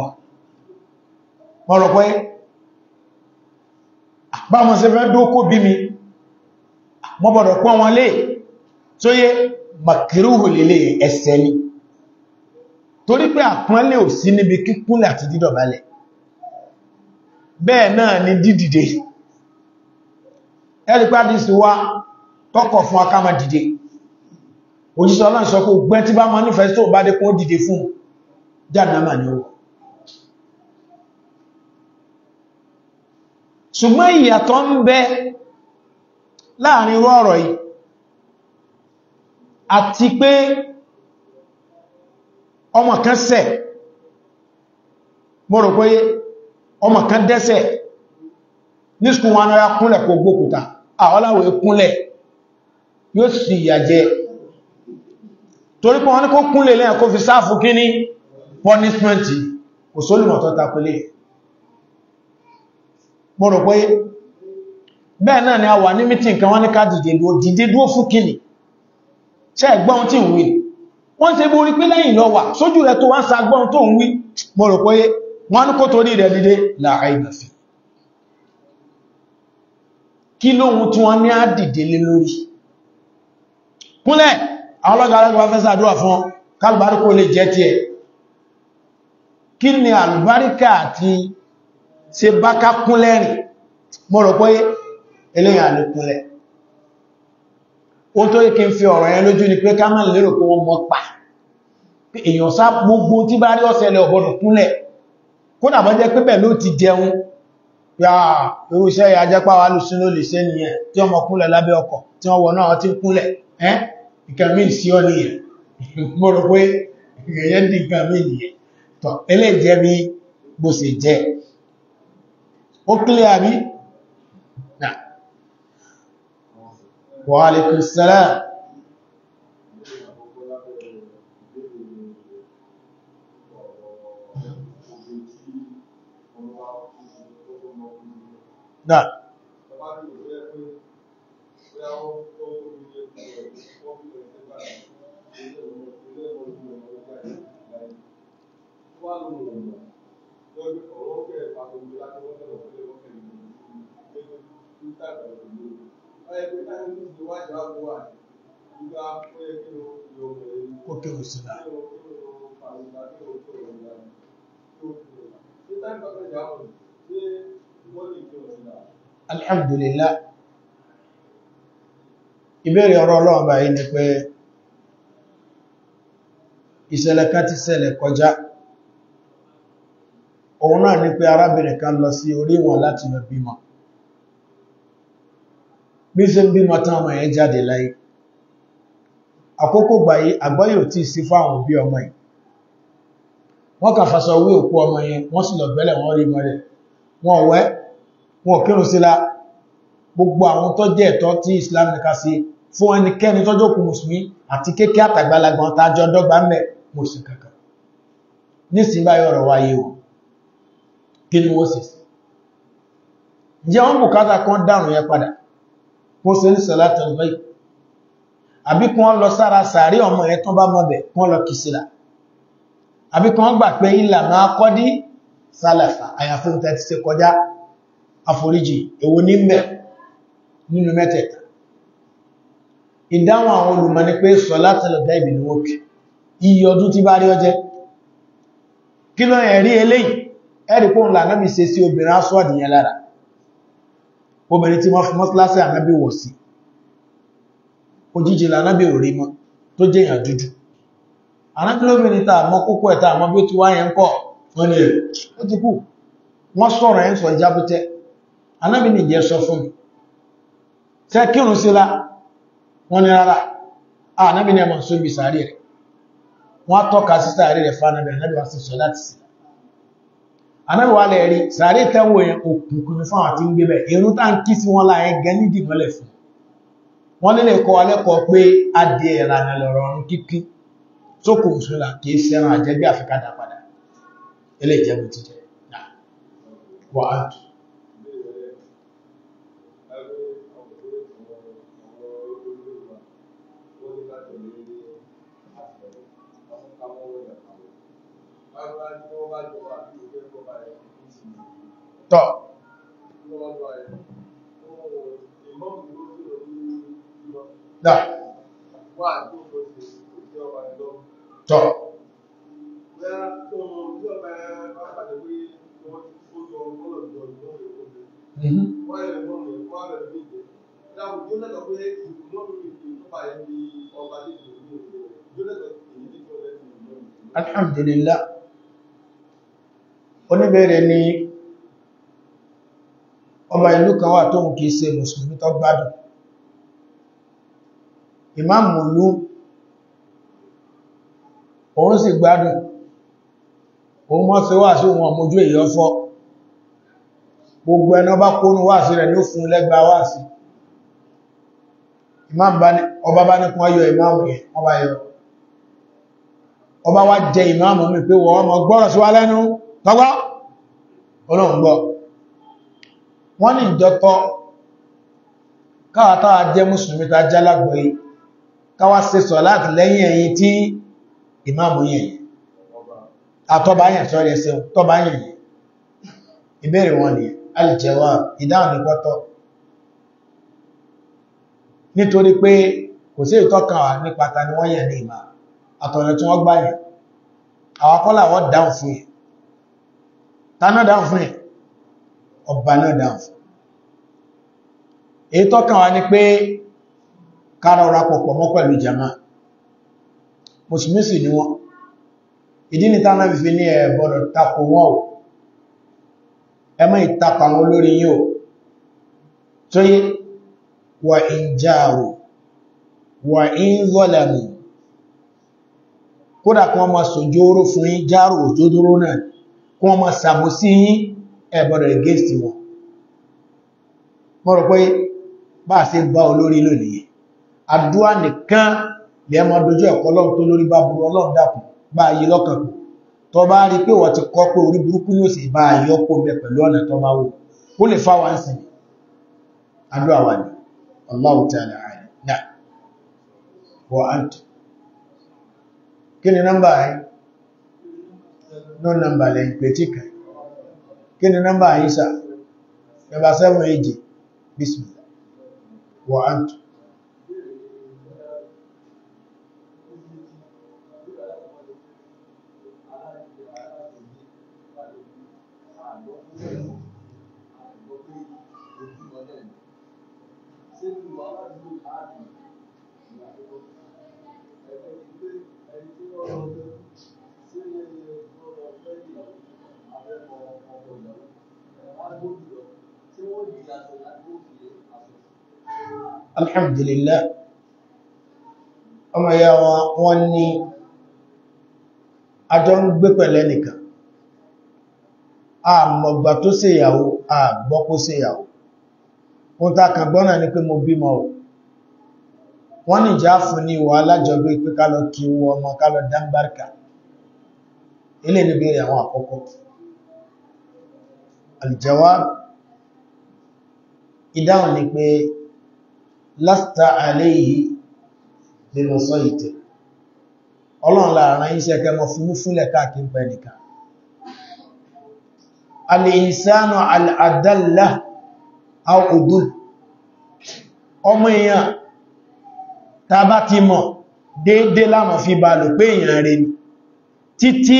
wọ́n rọ̀ pé bá wọn ṣe fẹ́ dókó bí mi wọ́n bọ̀dọ̀ pọ́n wọn lè tó yé makirúhù lélẹ̀ ẹsẹ̀ ni torí pé àpọ́nlé ò sí níbi kíkúnlẹ̀ àti dídọ̀bálẹ̀ bẹ́ẹ̀ náà ni dídìde ẹ̀rìpádìsí wá tọ́kọ̀ fún akáma dìde òjíṣẹ́ ọlọ́run sọ pé gbẹ́ tí bá manifesto bá dé kún dìde fún jàdàmà ni ó ṣùgbọ́n ìyàtọ̀ ń bẹ láàrin rọ́ọ̀rọ̀ yìí àti pé ọmọ kan ṣẹ̀ mo pé ọmọ kan dẹ́ṣẹ̀ ní skùn wọn ara kúnlẹ̀ kò gbókùta àọ́láwò kúnlẹ̀ yóò sì yàjẹ́ torí pé wọ́n ní kó kúnlẹ̀ lẹ́yìn kó fi sáàfù kí punishment kò sólùmọ̀ tó takọlé mo pé ni a wà ní mítìn kan wọ́n ní ká dìde dúó ṣe ẹ̀gbọ́n tí ń wí wọ́n ṣe bó rí pé lẹ́yìn lọ wà sójú rẹ̀ tó wá ń sa gbọ́n tó ń wí mọ̀rọ̀ pé wọ́n ní kó torí rẹ̀ dìde láàá ìbàfẹ́ kí lóhun tí wọ́n ní á dìde lé lórí kúnlẹ̀ àwọn ọlọ́gá ọlọ́gá fẹ́ sàdúrà fún kálùbáríkò lè jẹ́ tí ẹ kí ni àlùbáríkà àti ṣe bákà kúnlẹ̀rìn ohun tó yẹ kí n fi ọ̀rọ̀ yẹn lójú ni pé ká má lérò pé wọ́n mọ́ pa èèyàn sá gbogbo tí bá rí ọ̀sẹ̀lẹ̀ ọ̀bọ̀dọ̀ kúnlẹ̀ kódà bọ́ jẹ́ pé bẹ̀ ti jẹun ya irúṣẹ́ ìyájẹ́pá wa lù sínú lè ṣe nìyẹn tí ọmọ kúnlẹ̀ lábẹ́ ọkọ̀ tí wọ́n wọ̀ náà ti kúnlẹ̀ ẹ́ ìkàmí sí ọ nìyẹn mo rò pé èèyàn dì ìkàmí nìyẹn tọ̀ eléjẹ́ bí bó ṣe jẹ́ ó kílẹ̀ وعليكم السلام نعم Thank you kó kí o sí náà. alhamdulillah ìbéèrè ọ̀rọ̀ ọlọ́ọ̀bá yìí ni pé ìṣẹ̀lẹ̀ kan ti ṣẹlẹ̀ kọjá òun náà ni pé arábìnrin kan lọ sí orí wọn láti lọ bímọ bí ṣe ń bímọ tán ọmọ yẹn jáde láyé àkókò gbàyé àgbọ́yé ò tí sí fáwọn òbí ọmọ yìí wọ́n kà fàṣọ owó òkú ọmọ yẹn wọ́n sì lọ gbẹ́lẹ̀ wọ́n rí mọ́lẹ̀ wọ́n wẹ́ wọ́n kírun sílá gbogbo àwọn tó jẹ́ ẹ̀tọ́ tí Islam nìka sí fún ẹnikẹ́ni tó jókòó mùsùlùmí àti kéèké àtàgbàlagbọ̀n tájọ dọ́gba mẹ́ mùsùlùmí kankan nísìn báyìí ọ̀rọ̀ wáyé o kí ni wọ́n sì sí ǹjẹ́ wọ́n bùkátà kan dárùn yẹn padà kó se ń sọ̀látọ̀ lọ́ì àbí kí wọ́n lọ sára sàárì ọmọ ẹ̀ tán bá mọ́bẹ̀ kí wọ́n lọ kìsìlà àbí kí wọ́n gbà pé ilà máa kọ́ dí sálàfà àyàfún tẹ́tí ṣe kọjá àforíjì èwo ní mẹ́ nínú mẹ́tẹ̀ẹ̀ta ìdáhùn àwọn olùmọ̀ ni pé sọ̀látọ̀ lọ́dá ìbì ni wọ́n kì iye ọdún tí bá rí ọjẹ́ kí lọ ẹ̀rí eléyìí ẹ̀rí pòun lànà bí ṣe sí obìnrin aṣọ́ obìnrin tí wọ́n fi mọ́sílásí ànábì wọ̀ sí òjìjì lànábì ò mọ́ tó jẹ́ èèyàn dúdú ànábì lóbìnrin tá àmọ́ kókó ẹ̀ àmọ́ bí ó ti wáyé ń kọ́ wọ́n sọ̀rọ̀ ẹ̀ ń sọ jábútẹ́ ànábì ní sọ fún mi tẹ́ la wọ́n ni rárá ẹmọ̀ sóbi sàárì rẹ̀ wọ́n tọ́ka sí sàárì rẹ̀ anábíwá lè rí sàárè tẹ́wọ̀ yẹn òkùnkùn fún àti ń gbébẹ̀ irun tá ń kí sí wọn láyé gẹ́ni dìmọ́lẹ̀ fún wọ́n nílé kọ́ alẹ́kọ̀ọ́ pé adìẹ ìlànà lọ̀rọ̀ ọ̀run kíkí tó kò mùsùlùmí kì í sẹ́ran àjẹ́bí àfikádà padà ilé ìjẹ́bù ti jẹ́ wàhálà tọ́ dà tọ́ mm-hmm. Alhamdulillah oníbẹ̀rẹ̀ ni ọmọ ìlú kan wà tóhun kìí ṣe mùsùlùmí tó gbádùn ìmáàmù ìlú òun sì gbádùn òun mọ́ sí wà sí òun ọmọjú èyí ọfọ́ gbogbo ẹ̀nà bá kónú wà sí rẹ̀ ní fún lẹ́gbàá wà sí ọba bá ní kún ọyọ ìmáàmù yẹn ọba yọ ọba wá jẹ ìmáàmù mi pé wọ́n ọmọ gbọ́rọ̀ sí wa lẹ́nu Gbogbo ọlọ́run gbọ́. Wọ́n ní ìjọtọ́ káwàtá jẹ́ Mùsùlùmí ta jálágbọ̀ yìí, káwà ṣe sọ láti lẹ́yìn ẹ̀yìn tí ìmáàmù yẹn. Àtọ́bá yẹn sọ́rẹ̀ ẹsẹ̀ tọ́bá yẹn. Ìbéèrè wọn ni, alìjẹwà ìdáhùn ní pọ́tọ́. Nítorí pé kò sí ìtọ́ka nípa ta ni wọ́n yẹ̀ ní ìmá, àtọ̀nà tí wọ́n gbáyẹ̀. Àwọn kọ́là wọ́n dáhùn fún yẹn. tánà dáhùn fún ẹ̀ ọba náà dáhùn fún èyí tọ́kàn wá ní pé kára ọ̀rà pọ̀pọ̀ mọ́ pẹ̀lú jama mùsùlùmí sì ni wọ́n ìdí ni tánà fífi ní ẹ̀bọ̀rọ̀ tako wọn ò ẹ ìtapa wọn lórí yín tó wà ń já wà ń zọ́lẹ̀mù kódà kan ma sòjóró fún yín járò òjòdóró náà kí wọ́n máa sàbò sí yín ẹ̀bọ̀dọ̀ against wọn mọ́rọ̀ pé bá ṣe bá olórí lónìí àdúwà nìkan lè mọ́ dojú ẹ̀kọ́ lọ́n tó lórí bá burú ọlọ́run dàpọ̀ bá yí lọ́kàn kù tó bá rí pé wọ́n ti kọ́ pé orí burúkú yóò sì bá yọ́pọ̀ mẹ́ pẹ̀lú ọ̀nà tó bá wò ó lè fá wa ń sìn àdúwà wà ní Allahu ta'ala àìyàn náà wọ́n á kí ni nọ́mbà yìí no number lẹ ìpè tí kan kí ni nọ́mbà yìí sà nọ́mbà bismillah wa antum alhamdulillah ọmọ ya wọ́n ní àjọ ń gbé pẹ̀lẹ́ nìkan àmọ̀gbà tó ṣe ìyàwó àgbọ́ kó ṣe ìyàwó wọ́n ta kàn gbọ́nà ní pé mo bímọ ò wọ́n ní ìjà fún ní ìwà alájọgbé pé ká kí owó ọmọ ká dámbárkà ilé níbi àwọn àkọ́kọ́ ìdáhùn ni pé lásìtà àléyìí nínú sọ ìtẹ̀ ọlọ́run láàrin iṣẹ́ kẹmọ fún fúnlẹ̀ káàkiri pẹ̀ nìkan alìsánà al'adalla al'udul ọmọ èèyàn ta bá ti mọ̀ déédé lámọ̀ fi bá lò pé èèyàn rẹ̀ ni títí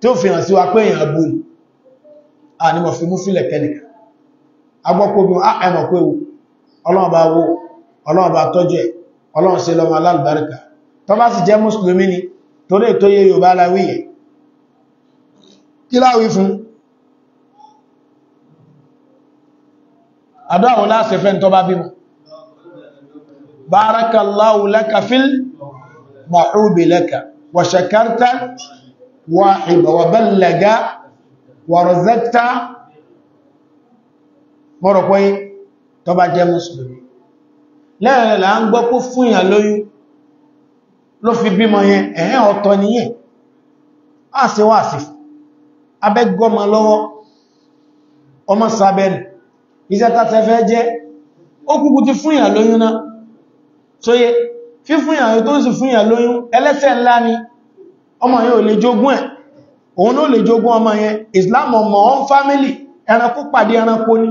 tó fi hàn sí wa pé èèyàn bú ni a ní mọ̀ fi mú fílẹ̀ kẹ́nìkan agbọ́kógún àmọ̀ ọlọ́run bá wó ọlọ́run bá tọ́jú ẹ̀ ọlọ́run ṣe lọ́mọ alálùbáríkà tó bá sì jẹ́ mùsùlùmí ni torí ètò yẹ yóò bá láwí yẹ kí láwí fún àdáwọn láàṣẹ fẹ́ tó bá bímọ bárakàláwù lẹ́ka tó bá jẹ́ mùsùlùmí lẹ́rẹ̀ là ń gbọ́ kó fún ìyàn lóyún ló fi bímọ yẹn ẹ̀hẹ́ ọ̀tọ̀ nìyẹn á sí wà sí abẹ́gọ́mọ lọ́wọ́ ọmọ sábẹ́rẹ̀ iṣẹ́ tàtẹ́fẹ́ jẹ́ ó kúkú ti fún ìyàn lóyún náà sóyé fífún ìyàn tó ń sì fún ìyàn lóyún ẹlẹ́sẹ̀ ńlá ni ọmọ yẹn ò lè jogún ẹ̀ òun ló lè jogún ọmọ yẹn Islam ọmọ ọ́n fámílì ẹranko pàdé ẹranko ni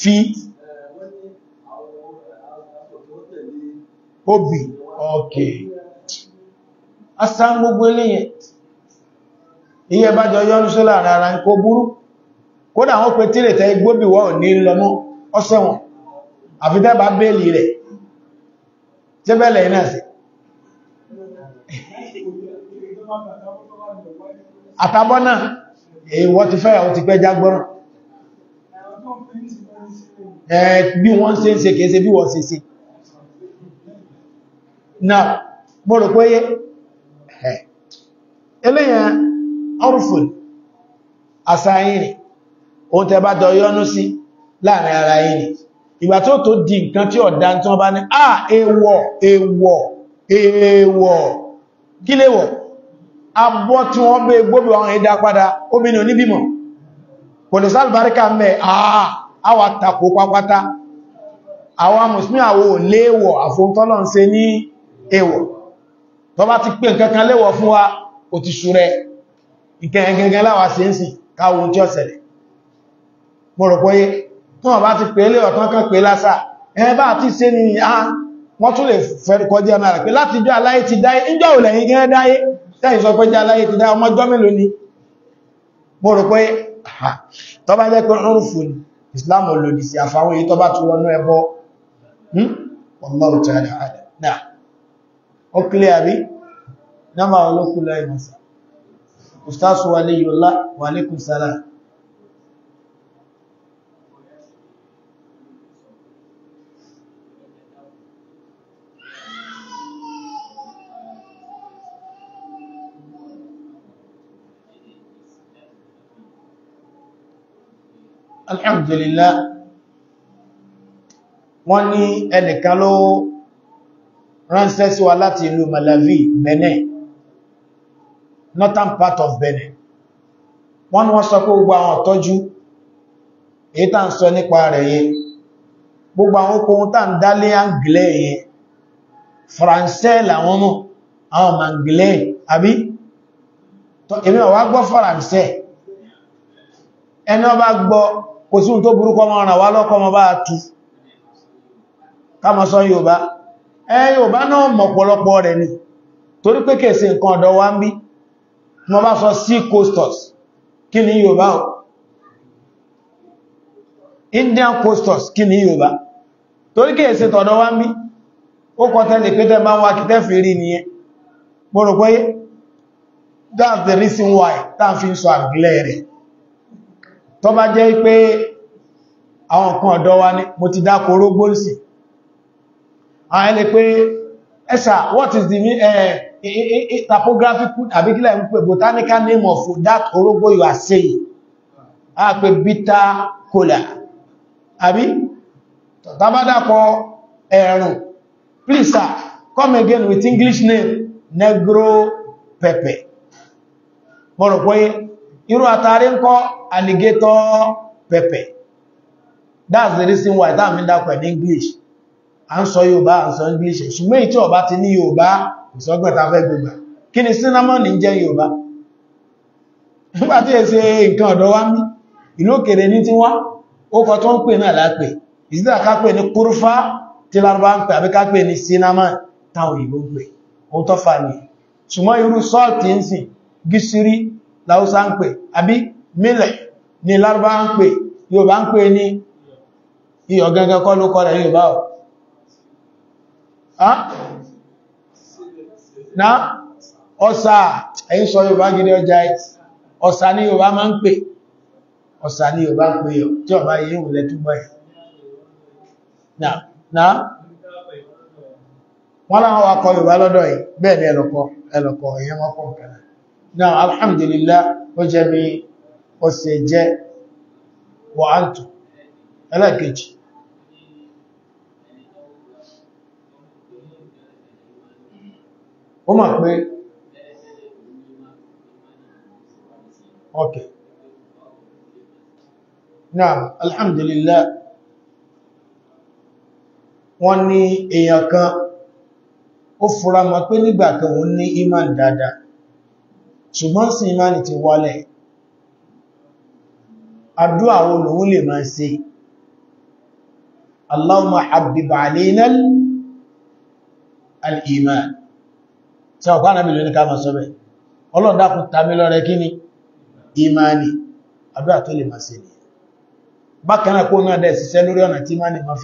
fi obì ọ̀kẹ́ asán gbogbo eléyẹn iye bá jọ yọ́nú sí láàrin ara ń kó burú kódà wọ́n pe tílẹ̀ tẹ́ igbóbì wọ́n ní lọmọ́ ọ́sẹ̀wọ̀n àfitẹ́ bá bẹ́ẹ̀lì rẹ̀ tẹ́bẹ̀lẹ̀ iná sí àtàbọ́ náà wọ́n ti fẹ́yàwó ti pẹ́ jágbọ́rọ̀ bí wọ́n ṣe ń ṣe kèése bí wọ́n ṣe ṣe na mo rò pé eléyàn orful àsáyìn rẹ̀ ohun tẹ bá dọ yọ́nú sí láàrin ara yìí ìgbà tó tó di nǹkan tí ọ̀dá tí wọ́n bá ní ah ewọ̀ ewọ̀ ewọ̀ kí léwọ̀ abọ́ tí wọ́n gbé gbóbi àwọn ẹ̀dá padà obìnrin oníbìmọ̀ kò lè sálùbáríkà mẹ́ àwà tàkò pápátá àwọn mùsùlùmí àwò léèwọ̀ àfóntọ́lọ̀ ń ṣe ní èèwọ̀ tó bá ti pé nǹkankan léèwọ̀ fún wa ò ti ṣúrẹ ìkẹ̀ẹ̀gẹ̀gẹ̀ láwà sí ń sì káwò tí ó ṣẹlẹ̀ mọ̀rọ̀pọ̀yé tó wọ́n bá ti pè lé tẹ́yìn sọ pé jáláyé ti dá ọmọ ọjọ́ mélòó ni mo rò pé tó bá jẹ́ pé rúrùfù ni Islam lòdì sí àfáwọn èyí tó bá tún wọnú ẹbọ hmm? Wallahu ta'ala a'lam náà ó kílé àrí alhamdulillah wọ́n ní ẹnìkan ló ránṣẹ́ sí wa láti ìlú Malawi Benin northern part of Benin wọ́n wọ́n sọ pé gbogbo àwọn ọ̀tọ́jú èyí tàà ń sọ nípa rẹ̀ yẹn gbogbo àwọn okòhun tàà ń dálé àǹgìlẹ̀ yẹn faransé làwọn mọ̀ àwọn màǹgìlẹ̀ àbí èmi ọ̀wá gbọ́ faransé ẹni ọba gbọ́ kò tó burúkọ ma ràn wá lọ́kọ́ ma bá tú káàmà sọ yoruba ẹ Yorùbá náà mọ̀ pọ̀lọpọ̀ rẹ̀ ni torí pé kèsè nǹkan ọ̀dọ̀ wa ń bí Indian coasters kí ni Yorùbá torí kèsè tọ̀dọ̀ wa ń bí ó kọ tẹ́lẹ̀ pé tẹ́ bá wá kí tẹ́ nìyẹn tó bá jẹ́ pé àwọn kan ọ̀dọ́ wa ní mo ti dákò orógbó sí àwọn ẹlẹ́ pé ẹ̀ṣà what is the uh, eh, eh, eh, typographic àbíkílẹ̀ ń pè botanical name of that orógbó you are saying a pè bitter cola àbí tàbádàpọ̀ ẹ̀rùn please sir come again with English name negro pepper mọ̀rọ̀ pé irú àtàrí ń kọ́ alligator pepper that's the reason why that English a ń sọ Yorùbá a ń sọ English ṣùgbọ́n èyí tí ó ti ní Yorùbá ìsọgbẹ̀ta fẹ́ gbogbo kí ni cinnamon ń jẹ Yorùbá nígbà tí èsì nǹkan ọ̀dọ̀ wá mí ìlú òkèrè ní tí wá ó kọ tó ń pè náà lápè ìsìdá ká ní kúrúfá tí lárúbá ń pè àbí ní láúsá ń pè àbí mílẹ̀ ní lárúbá ń pè Yorùbá ń pè ní iyọ̀ gẹ́gẹ́ kọ́ ló kọ́ rẹ̀ Yorùbá ọ̀ na ọ̀sà ẹ̀yìn sọ Yorùbá gidi ọjà ọ̀sà ni Yorùbá máa ń pè ọ̀sà ni Yorùbá ń pè yọ tí ọba yìí wùlẹ̀ túnbọ̀ ẹ̀ na na wọ́n láwọn wakọ̀ Yorùbá lọ́dọ̀ yìí bẹ́ẹ̀ ni ẹlọ́kọ̀ ẹlọ́kọ̀ ẹ̀yẹmọ́kọ̀ kẹrẹ náà alhamdulillah ó jẹ́ bí ó ṣe jẹ́ wà á tù ẹlẹ́kejì ó mọ̀ pé ọkẹ̀ náà alhamdulillah wọ́n ní èèyàn kan ó fura mọ́ pé nígbà ní iman dáadáa ṣùgbọ́n sí ìmáni ti wọlẹ̀ àdúà wo lòun lè máa ṣe Allahumma habbib alayna al-iman tí ọ̀pá náà bìlò ní ká máa sọ́bẹ̀ ọlọ́dákùn tàbí lọ́rẹ kí ni ìmáni àdúà tó lè máa ṣe ni bákan náà kó náà dẹ̀ ṣiṣẹ́ lórí ọ̀nà tí ìmáni máa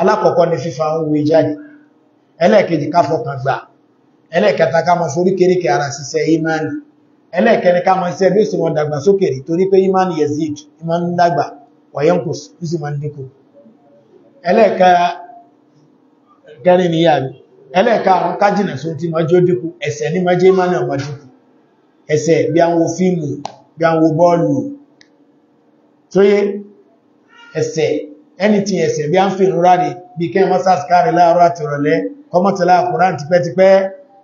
alákọ̀ọ́kọ́ ni fífa òwe jáde ẹlẹ́ẹ̀kejì ká fọkàn gbà ẹlẹ́ẹ̀kẹta ká mọ̀ sórí kéríkẹ ara ṣiṣẹ́ imani ẹlẹ́ẹ̀kẹni ká mọ̀ iṣẹ́ bí ó sì mọ̀ dàgbà sókè torí pé imani yezid, imani dàgbà wayankos ó sì mọ̀ dínkù ẹlẹ́ẹ̀kẹrin ni yàrí ẹlẹ́ẹ̀ka àwọn kájìnà só ti mọ́jọ́ dínkù ẹ̀ṣẹ̀ imani ọmọ dínkù ẹ̀ṣẹ̀ bí àwọn wo fíìmù bí àwọn wo anything ẹ̀sẹ̀ bí a ń fi ìrora rí bí kẹ́ mọ́ sàskárì láàárọ̀ àti ìrọ̀lẹ́ kọmọ́tẹ̀lá kùrán tipẹ́tipẹ́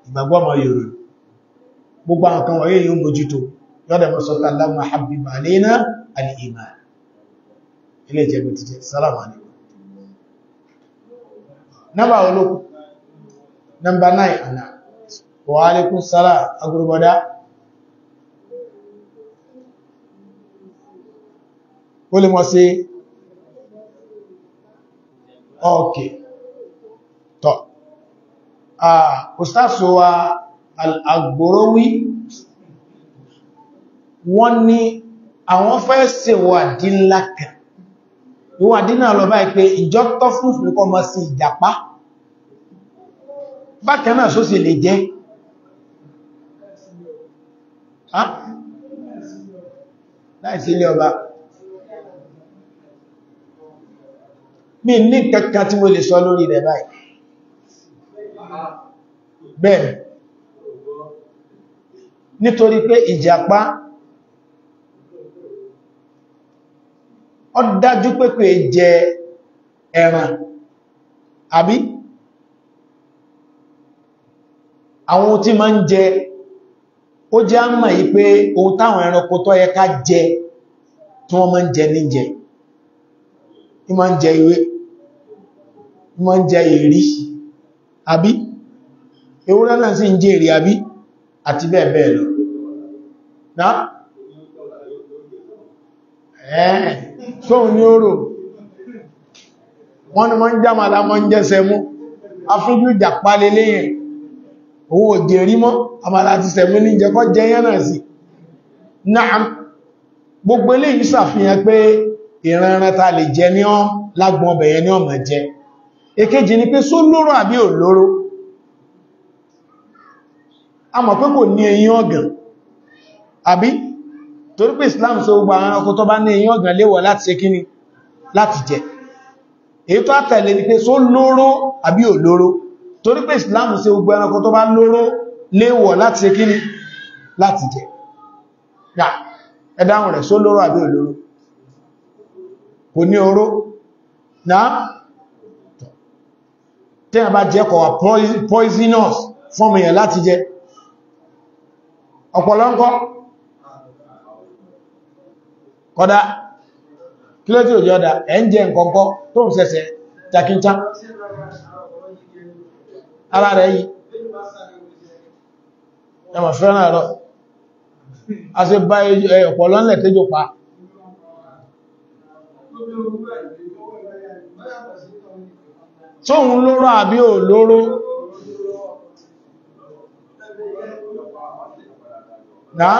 ìgbàgbọ́ ọmọ yòrò gbogbo àwọn wọ̀nyí yóò mójútó yọ́dẹ̀ ti 9 wa okay tọ́ ọ̀stáṣò wa al-Agborowi wọ́n ní àwọn fẹ́ ṣe wàdí lákà ìwàdí náà lọ báyìí pé ìjọ tọ́ fún fúnkọ́ mọ́ sí ìjàpá bákan náà só sì lè jẹ́ láìsí ilé ọba mi ní kankan tí mo lè sọ lórí rẹ̀ báyìí bẹ́ẹ̀ nítorí pé ìjàpá ó dájú pé kò jẹ ẹran àbí àwọn tí ma ń jẹ ó jẹ́ àmà yí pé ohun táwọn ẹranko tó yẹ jẹ tí wọ́n ma ń jẹ ní jẹ ń jẹ ewé mọ́ ń jẹ èrí àbí ewúrẹ́ náà sì ń jẹ èrí àbí àti bẹ́ẹ̀ bẹ́ẹ̀ lọ náà ẹ̀ẹ́ tóun ní oòrò wọ́n ni mọ́ ń jámàlá mọ́ ń jẹ́sẹ̀ mú afúnjú jàpá leléyìn owó òdì rí mọ́ àmàlà àti sẹ̀mú ní jẹ́kọ́ jẹ́yàn náà sí náà gbogbo eléyìí ṣàfihàn pé ìranran ta lè jẹ ní ọ́ lágbọn ọbẹ̀ yẹn ní ọmọ jẹ́ èkejì ni pé só lóró àbí ò lóró a mọ̀ pé kò ní eyín ọ̀gàn àbí torí pé Islam so gbogbo àwọn ọkọ̀ tó bá ní eyín ọ̀gàn léwọ̀ láti ṣe kíní láti jẹ èyí tó àtẹ̀lẹ̀ ni pé só lóró àbí ò lóró torí pé Islam se gbogbo ẹranko tó bá lóró léwọ̀ láti ṣe kíní láti jẹ ẹ̀dáhùn rẹ̀ só lóró àbí ò lóró kò ní oró náà tí a bá jẹ́ kọ̀wà poisonous fún èèyàn láti jẹ ọ̀pọ̀lọ́nkọ́ kọ́dá kí ló tí ò jẹ́ ọ̀dá ẹ̀ ń jẹ nǹkankọ́ tó ń sẹsẹ̀ takíntá ara rẹ̀ yìí ẹmọ̀ fẹ́ràn rọ̀ a sì bá ọ̀pọ̀lọ́nlẹ̀ tẹ́jọ pa tóhun lóró àbí ò lóró dá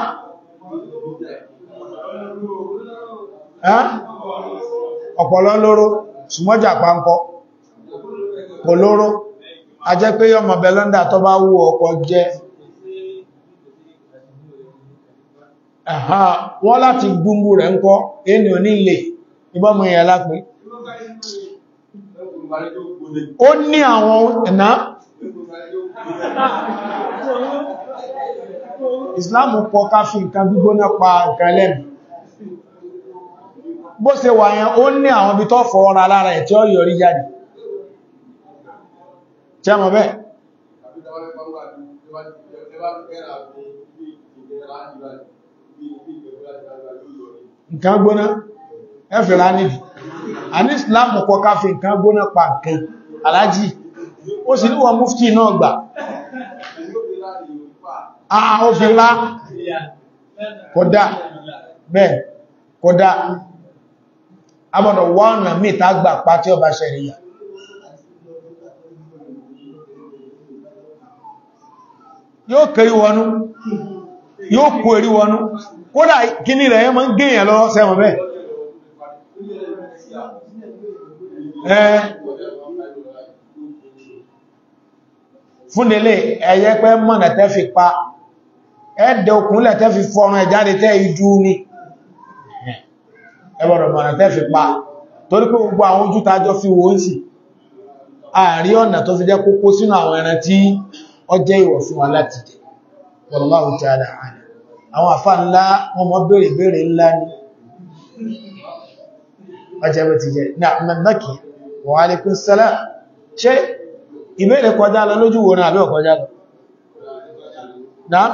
ọ̀pọ̀lọ́ lóró ṣùgbọ́jà pánkọ́ kò lóró a jẹ́ pé tó bá wú ọkọ̀ jẹ́ wọ́n láti gbúngbù rẹ̀ ń kọ́ ènìyàn nílé ó ní àwọn ẹ̀nà Islam pọ̀ ká nǹkan gbígbóná pa nǹkan lẹ́mì bó ṣe wà yẹn ó ní àwọn ibi tó ọrịa ọ̀rọ̀ ẹ̀ tí ó a ẹ̀fẹ̀rẹ̀ anìdì àní Islam kọ káfí nǹkan gbóná pa nǹkan alájì ó sì níwọ̀n mufti náà gbà àà òfin lá kódà bẹ́ẹ̀ kódà abọ̀nà wọ́nà mìta gbà pa tí ọba ṣẹ̀ríyà yóò kèrí wọnú yóò kú èrí wọnú kódà kíní rẹ̀ yẹn máa ń gẹ́yàn lọ́wọ́ sẹ́wọ̀n bẹ́ẹ̀ fún ilé ẹ̀yẹ́ pẹ́ mọ̀nà tẹ́ fi pa ẹ́dẹ̀ òkúnlẹ̀ tẹ́ fi fọ́run ẹ̀jáde tẹ́ ni ẹbọ̀rọ̀ mọ̀nà tẹ́ fi pa torí pé gbogbo àwọn ojú fi wò sì ààrí ọ̀nà tó fi jẹ́ kókó sínú àwọn ẹran tí ọ jẹ́ ìwọ̀ fún wa láti jẹ wa alaikum salam ṣe ìbéèrè kọjá lọ lójú wòrán àbí ọkọjá lọ náà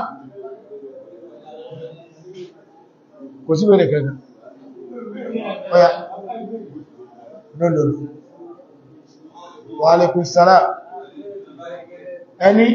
kò sí ìbéèrè kẹta ọya lọ́lọ́lọ́ wa alaikum ẹni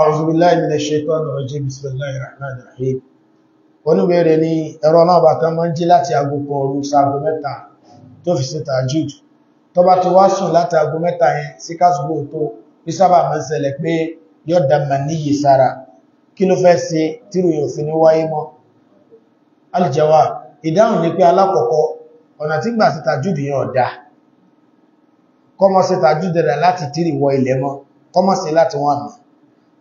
أعوذ بالله من الشيطان الرجيم بسم الله الرحمن الرحيم oníbẹ̀rẹ̀ ni ẹ̀rọ ọlọ́ọ̀bà kan máa ń jí láti aago kan òru sáago mẹ́ta tó fi síta jude tó bá ti wá sùn láti aago mẹ́ta yẹn sí kásùgbò tó bí sábà máa ń ṣẹlẹ̀ pé yóò dàmà níyì sára kí ló fẹ́ ṣe tírò yóò fi ní wáyé mọ́ alìjẹwà ìdáhùn ni pé alákọ̀ọ́kọ́ ọ̀nà tí gbà síta jude yẹn ọ̀dá kọ́mọ́ síta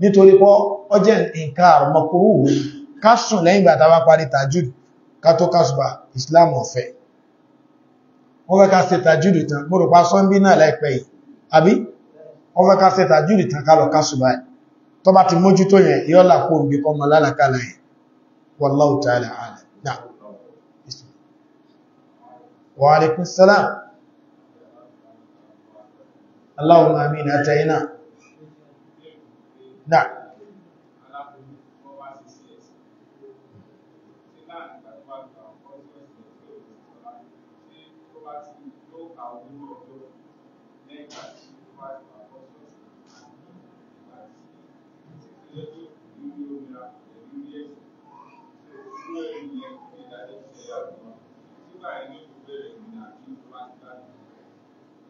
nítorí pọ́ ọjẹ́ nǹkan àrùmọkúrú kásùn lẹ́yìn ìgbà tàbá parí tajúd kátó kásùbà islam ọ̀fẹ́ wọ́n fẹ́ ká ṣe tajúd tán mọ́rò pa sọ́nbí náà láìpẹ́ yìí àbí wọ́n fẹ́ ká ṣe tajúd tán kálọ ti náà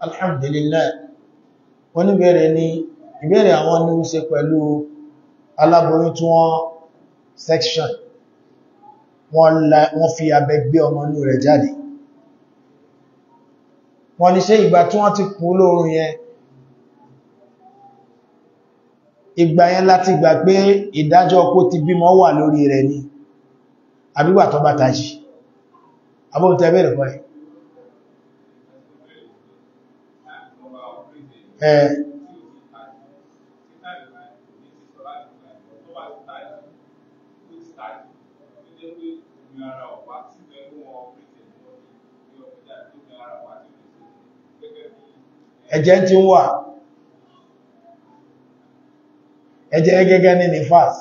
alhamdulillah wọ́n ní bẹ̀rẹ̀ ni ìbéèrè àwọn ní ó ṣe pẹ̀lú aláboyún tí wọ́n section wọ́n fi abẹ gbé ọmọ inú rẹ̀ jáde wọ́n ní ṣé ìgbà tí wọ́n ti kú lóòrùn yẹn ìgbà yẹn láti gbà pé ìdájọ́ kó ti bímọ wà lórí rẹ̀ ni àbígbà tó bá tají abóhùn ẹ̀jẹ̀ tí ń wà ẹ̀jẹ̀ gẹ́gẹ́ ní nifas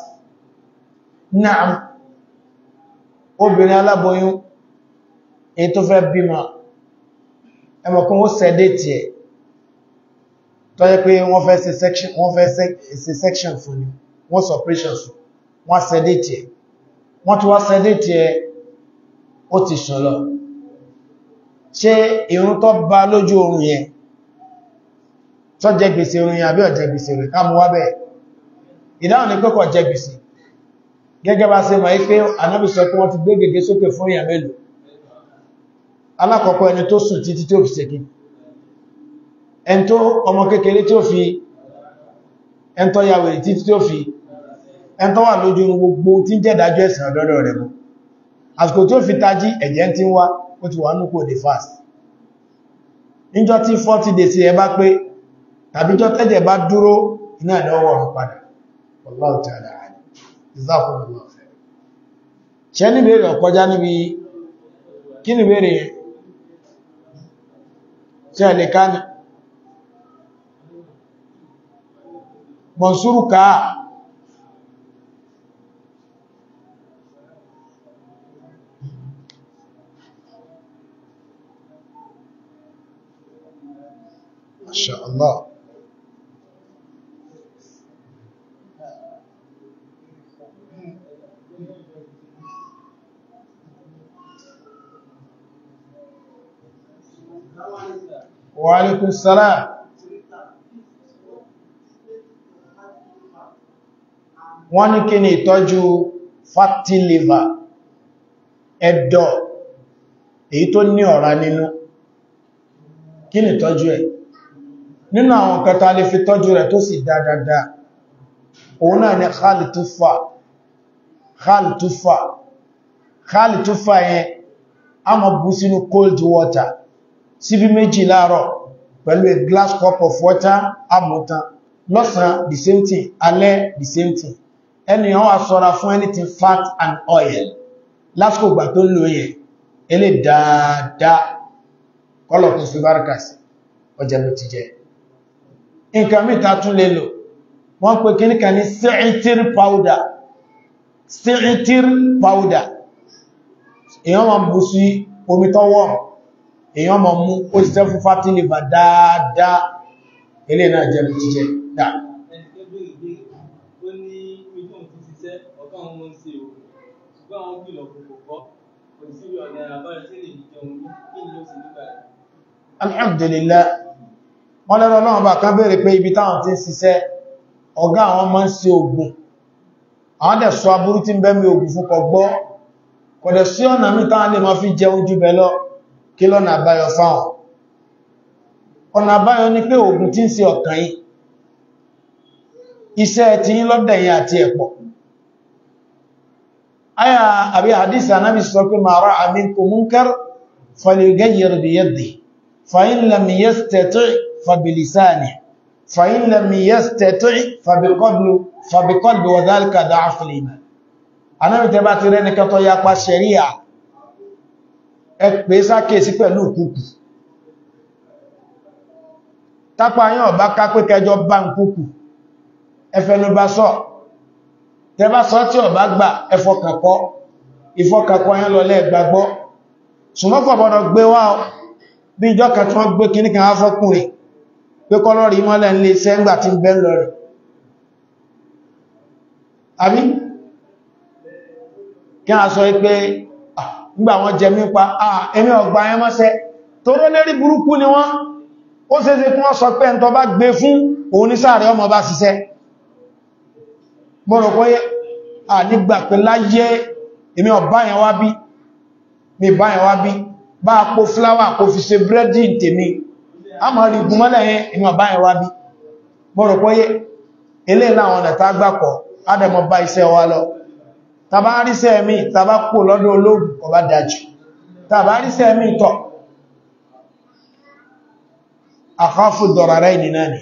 náà obìnrin aláboyún èyí tó fẹ́ bímọ ẹmọ̀kún ó sẹ́dé tí ẹ̀ tó yẹ pé wọ́n fẹ́ ṣe section fún ni wọ́n suppression fún wọ́n sẹ́dé tí ẹ̀ wọ́n tó wá sẹ́dé tí ẹ̀ ó ti sọ lọ ṣe ìrún tó bá lójú oorun yẹn tó jẹ gbèsè orin àbí ọ̀jẹ gbèsè rẹ̀ ká mú wá bẹ́ẹ̀ ìdáhùn ní pẹ́kọ̀ jẹ gbèsè gẹ́gẹ́ bá ṣe ma ipé Ànábì sọ pé wọ́n ti gbé gègé sókè fún ìyà mélòó alákọ̀ọ́kọ́ ẹni tó sùn títí tí ó fi ṣèkí ẹni tó ọmọ kékeré tí ó fi ẹni tó yàwó títí tí ó fi ẹni tó wà lójú gbogbo tí ń jẹ́dájọ́ ẹ̀sìn ọ̀dọ́dọ̀ rẹ̀ mọ́ àsìkò tí ó fi tají ẹ̀jẹ̀ tí ń wá ó ti wà nùkò dé fast níjọ́ tí 40 days ẹ bá pé tàbíjọ́ tẹ́jẹ̀ bá dúró iná ìdánwò ọ̀rọ̀ padà wallahu ta'ala alim ìzáfúnmọ̀ ọ̀fẹ́ ṣẹ́ níbi èrè ọ̀kọjá níbi kí ni bèèrè tí a lè ká mọ̀súrù káà Masha Wa alaikum salaam. Wọ́n ní kí ni ìtọ́jú fatty liver, ẹ̀dọ̀, èyí tó ní ọ̀rá nínú. Kí ni ìtọ́jú ẹ̀? Nínú àwọn kẹta lè fi tọ́jú rẹ̀ tó sì dáadáa. Òun náà ni Khali Tufa. Khali Tufa. Khali Tufa yẹn, a mọ̀ bú sínú cold water síbí méjì láàárọ̀ pẹ̀lú a glass cup of water amútan lọ́sàn the same thing alẹ́ the same thing ẹni wọ́n a sọ́ra fún anything fat and oil lásìkò gbà tó ń lò yẹ elé dáadáa kọ́lọ̀ tó fi bárakà sí ọjẹ́ ló ti jẹ́ nǹkan mìta tún lè lò wọ́n pè kíníkà ní sẹ́ẹ̀tìr powder sẹ́ẹ̀tìr powder èyàn ma bú sí omi tọ́wọ́rùn èyàn mọ̀ mú ó dáadáa ilé náà jẹ́ jíjẹ dáa alhamdulillah wọ́n lẹ́rọ náà bá kán bèèrè pé ibi táwọn ti ń ṣiṣẹ́ ọ̀gá àwọn máa ń ṣe ogun àwọn dẹ̀ sọ tí ń ogun fún kọgbọ́ kọ̀dẹ̀ sí ọ̀nà mítà lè máa fi jẹun jù bẹ́ kí lọ́nà àbáyọ fáwọn ọ̀nà àbáyọ ni pé ogun tí ń ṣe ọkàn yìí iṣẹ́ ti ń lọ́dẹ̀ yìí àti ẹ̀pọ̀ aya àbí hadisi anábi sọ pé ma ra'a minkum munkar falyughayyir biyadihi fa in lam yastati' fa anábi tẹ́ bá ti rẹ́nikẹ́ tó yapa ṣẹ̀ríà ẹ̀pẹ́ sákèsí pẹ̀lú kúkù tápa yàn bá ká pé kẹjọ bá ń kúkù ẹfẹ́nu bá sọ tẹbá sọ tí ọ̀bá gbà ẹfọkàkọ́ ìfọkàkọ́ yàn lọ lẹ́gbàgbọ́ ṣùgbọ́kọ̀ bọ́dọ̀ gbé wá bí ìjọ kan tí wọ́n gbé kíníkan afọ́kùnrin pé kọ́lọ́rì mọ́lẹ̀ ń lè iṣẹ́ ń gbà tí ń bẹ́ lọ rẹ̀ àbí kí a sọ pé nígbà wọn jẹ mípa ẹ̀mí ọgbà ẹ mọ́sẹ́ toró lérí burúkú ni wọ́n ó ṣeéṣe kí wọ́n sọ pé ẹn tó bá gbé fún òun ní sáàrẹ ọmọ bá ṣiṣẹ́ bọ́rọ̀ pé à nígbà pé láyé èmi ọ̀bá wá bí mi bá yẹn wá bí bá kó fúláwà kó fi ṣe búrẹ́dì tèmi a mọ̀ rí gúnmọ́lẹ̀ yẹn èmi ọ̀bá yẹn wá bí bọ́rọ̀ tàbá ríṣẹ́ mi tàbá kò lọ́dọ̀ olóògùn kọ bá dájú tàbá ríṣẹ́ mi tọ́ àkáfù dọ̀rọ̀rẹ́ ìdínà ni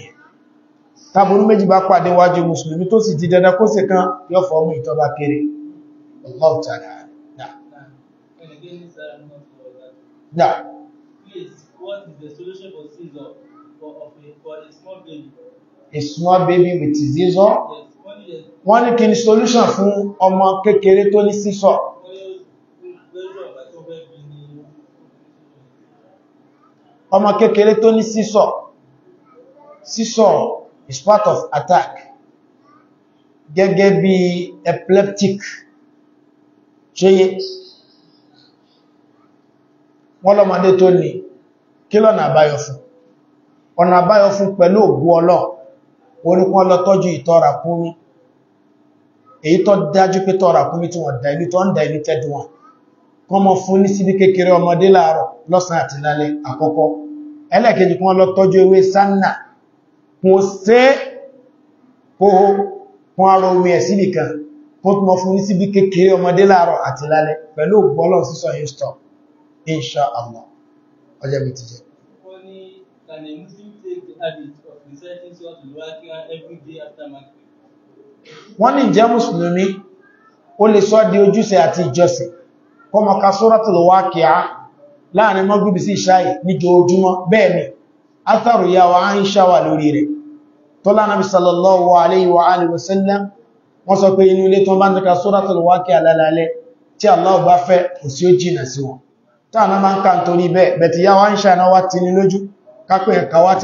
tàbùrú méjì bá pàdé wájú mùsùlùmí tó sì ti dandan kó sì kan yóò fọ́mù ìtọ́bá kéré a, small baby? with seizure? Yes wọ́n ní kí ni solution fún ọmọ kékeré tó ní sísọ ọmọ kékeré tó ní sísọ sísọ is part of attack gẹ́gẹ́ bí epileptic ṣe wọ́n lọ́mọdé tó ní kí lọ́nà àbáyọ fún ọ̀nà àbáyọ fún pẹ̀lú ògbú ọlọ́ orí kún ọlọ́tọ́jú ìtọ́ra kúrú èyí tó dájú pé tọ́ra kún ní tí wọ́n dá ilé tó ń dá ilé tẹ́dù wọn kọ́ mọ́ fún ní síbí kékeré ọmọdé láàárọ̀ lọ́sàn àti lálẹ́ àkọ́kọ́ ẹlẹ́ẹ̀kejì kún lọ tọ́jú ewé sánà kún sé kóhó kún arọ omi ẹ̀ síbì kan kó tún mọ́ fún ní síbí kékeré ọmọdé láàárọ̀ àti lálẹ́ pẹ̀lú insha allah ọjọ́ bí every day after Maghrib? wọ́n ní jẹ́ mùsùlùmí ó lè sọ di ojúṣe àti ìjọsìn kọmọ ka suratul waqi'a láàrin mọ́gbìbì sí ìṣáyì ní jòójúmọ́ bẹ́ẹ̀ ni atharu ya wa Aisha wà lórí rẹ̀ tó lánàbí sallallahu alaihi wa alihi wasallam wọ́n sọ pé inú ilé tó bá ń dẹ́ka suratul waqi'a lálalẹ́ tí Allah bá fẹ́ kò sí ó jìnà sí wọn táàmà máa ń ká torí bẹ́ẹ̀ bẹ̀tì yá wá ń ṣàná wá ti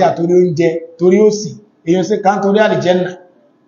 a torí oúnjẹ torí òsì èyàn sí ká ń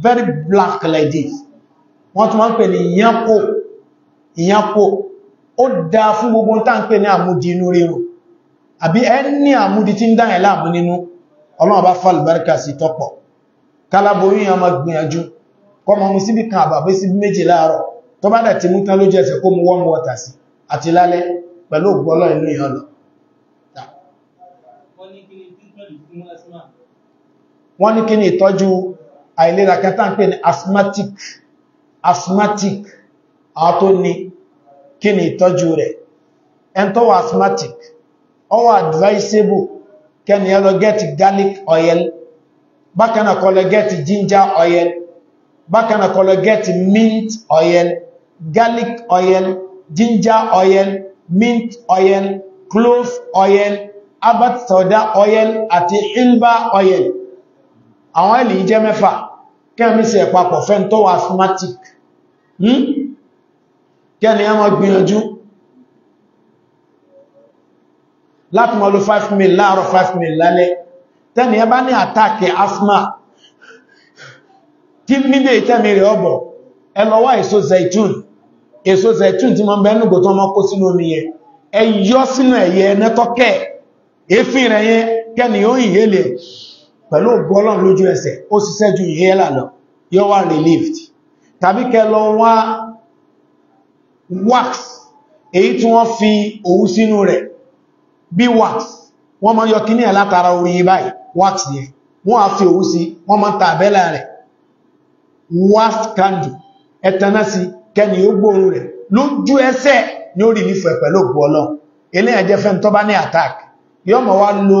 very black like this wọ́n tún máa ń pè ní ìyánpò ìyánpò ó dá fún gbogbo tá ń pè ní àmúdi inú rírùn àbí ẹni àmúdi tí ń dá ẹ̀ láàmú nínú ọlọ́run bá fà lùbáríkà sí tọ́pọ̀ káláboyún yàn máa gbìyànjú kọ́ mọ́ wọ́n ní kí ni ìtọ́jú àìlera kẹta ń pè ní asthmatic asthmatic àwọn ní kí ni ìtọ́jú rẹ̀ ẹn tó wà asthmatic ó wà advisable kẹni ẹ lọ garlic oil bákan náà kó ginger oil bákan náà kó mint oil garlic oil ginger oil mint oil clove oil abat soda oil àti ilba oil àwọn ẹ̀lì jẹ́ mẹ́fà kẹ́mísẹ̀ papọ̀ fẹ́ tó wà asthmatic hmm? kẹ́ni a máa gbìyànjú láti mọ́ lo 5 mil láàárọ̀ 5 mil lálẹ́ tẹ́ni ẹ bá ní àtàkì asthma tí mídé ìtẹ́mi rẹ̀ ọgbọ̀ ẹ lọ wá èso zaitun èso zaitun tí mọ́ bẹ́ẹ̀nùgbò tó mọ́ kó sínú omi yẹn ẹ yọ́ sínú ẹ̀yẹ nẹ́tọ́kẹ́ èéfín rẹ̀ yẹn kẹ́ni ó ìhélẹ̀ pẹ̀lú gọ́lọ́n lójú ẹsẹ̀ ó ṣiṣẹ́ ju ìyẹ́là lọ yóò wà relieved tàbí kẹ lọ wá wax èyí tí wọ́n fi òwú sínú rẹ̀ bí wax wọ́n máa yọ kíní látara orí báyìí wax yẹn wọ́n á fi òwú sí wọ́n máa ta àbẹ́là rẹ̀ wax candle ẹ̀tẹ̀ná sí kẹni ó gbóòrò rẹ̀ lójú ẹsẹ̀ ni ó rí nífẹ̀ẹ́ pẹ̀lú ògbó ọlọ́ eléyàn jẹ́ fẹ́ tó bá ní attack yọ́ mọ̀ wá lo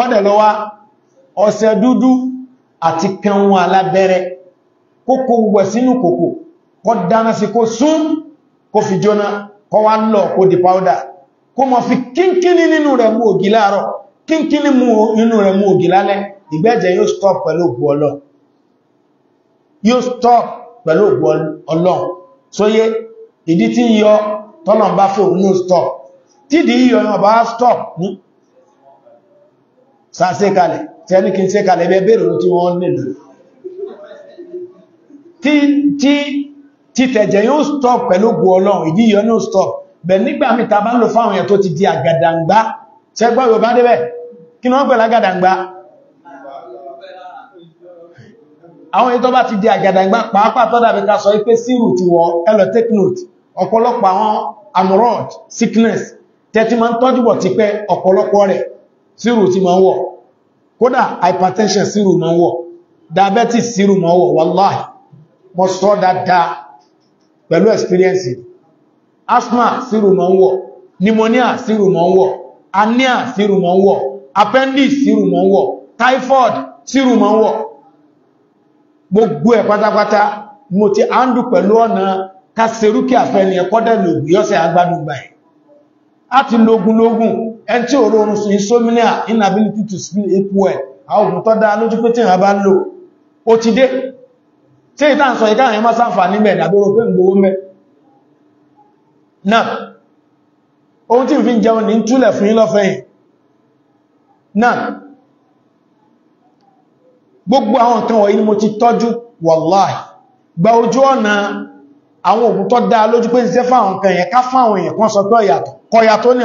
kọ́dẹ̀ lọ wá ọṣẹ dúdú àti kẹun alábẹ́rẹ́ kókó wẹ̀ sínú kòkò kọ́ dáná sí kó sún kó fi jóná kọ́ wá lọ kó di pàódà kó mọ̀ fi kínkíní nínú rẹ̀ mú ògì láàárọ̀ kínkíní nínú rẹ̀ mú ògì lálẹ́ ìgbẹ́jẹ̀ yóò stop pẹ̀lú ògbò ọlọ́ stop pẹ̀lú ògbò ọlọ́ sóyé ìdí tí yọ tọ́lọ̀ stop tídìí yọ náà stop sàṣẹ́kalẹ̀ tí ẹni kí n ṣẹ́kalẹ̀ ẹgbẹ́ bèèrè ohun tí wọ́n nílò tí títẹ̀jẹ̀ yóò stop pẹ̀lú gbò ọlọ́run ìdíyọ ní stop bẹ̀ nígbà mìta bá ń lò fáwọn èèyàn tó ti di àgàdàǹgbá ṣẹgbọ́ Yorùbá débẹ̀ kí ni wọ́n pẹ̀lú àgàdàǹgbá àwọn ètò bá ti di àgàdàǹgbá pàápàá tó dàbí ká sọ ipé sírù ti wọ ẹlọ take note ọ̀pọ̀lọpọ̀ àwọn amurod sickness tẹ́tí máa ń tọ́jú bọ̀ ti pẹ́ ọ̀pọ̀lọpọ̀ rẹ̀ sírù tí ma ń wọ̀ kódà hypertension sírù ma ń wọ̀ diabetes sírù ma ń wọ̀ wàláhì mo sọ dáadáa pẹ̀lú experience asthma sírù ma ń wọ̀ pneumonia sírù ma ń wọ̀ hernia sírù ma ń wọ̀ appendix sírù ma ń wọ̀ typhoid sírù ma ń wọ̀ gbogbo ẹ̀ pátápátá mo ti ándù pẹ̀lú ọ̀nà ká serúkí àfẹ́ni ẹ̀kọ́dẹ̀ yọ́sẹ̀ agbádùn ẹ̀ a ti ẹn tí òru insomnia inability to sleep well àwọn ògùn tó lójú pé tí ìhàn bá lò ó ti dé tí ìta ń sọ ìta àwọn ẹmọ́ sáfà níbẹ̀ ìdàbóró pé ń gbówó mẹ́ náà ohun tí ń fi jẹun ní túlẹ̀ fún náà gbogbo àwọn nǹkan wọ̀nyí ni mo ti tọ́jú gba ojú ọ̀nà àwọn ògùn tó lójú pé ń ṣe fáwọn nǹkan yẹn ká fáwọn èèyàn kan sọ pé ọ̀yàtọ̀ tó ní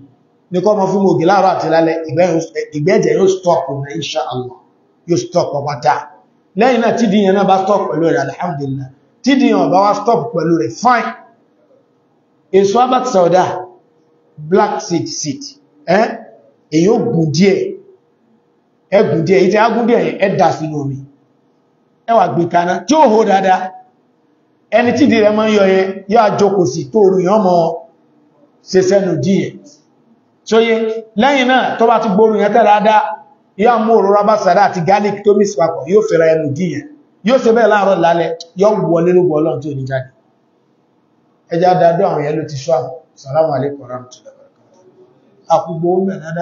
ní kọ́ mọ́ fún ògì láàárọ̀ àti lálẹ́ ìgbẹ́jẹ̀ yóò stop ní insha Allah yóò stop ọpátá lẹ́yìn náà tí díyàn náà bá stop pẹ̀lú rẹ̀ alhamdulillah tí díyàn bá wá stop pẹ̀lú rẹ̀ fine èso albert sauda black seed seed ẹ́ èyí ó gùn díẹ̀ ẹgùn díẹ̀ ìtẹ́ agùn díẹ̀ ẹ dà sínú omi ẹ wá gbé kaná tí ó hó dáadáa ẹni tí di rẹ̀ máa ń yọ yẹn yóò àjókòsí tóoru yọ́mọ ṣe sẹ́nu díẹ̀ tí ó yé lẹ́yìn náà tó bá ti gbóòrùn yẹn tẹ́lá dá yóò mú òróró bá sàdá àti garlic tó mix papọ̀ yóò fẹ́ra ẹnu díyẹn yóò ṣe bẹ́ẹ̀ láàárọ̀ lálẹ́ yóò wọlé ló bọ́ọ̀lọ́ tí ò ní jáde ẹjá dáadọ́ àwọn yẹn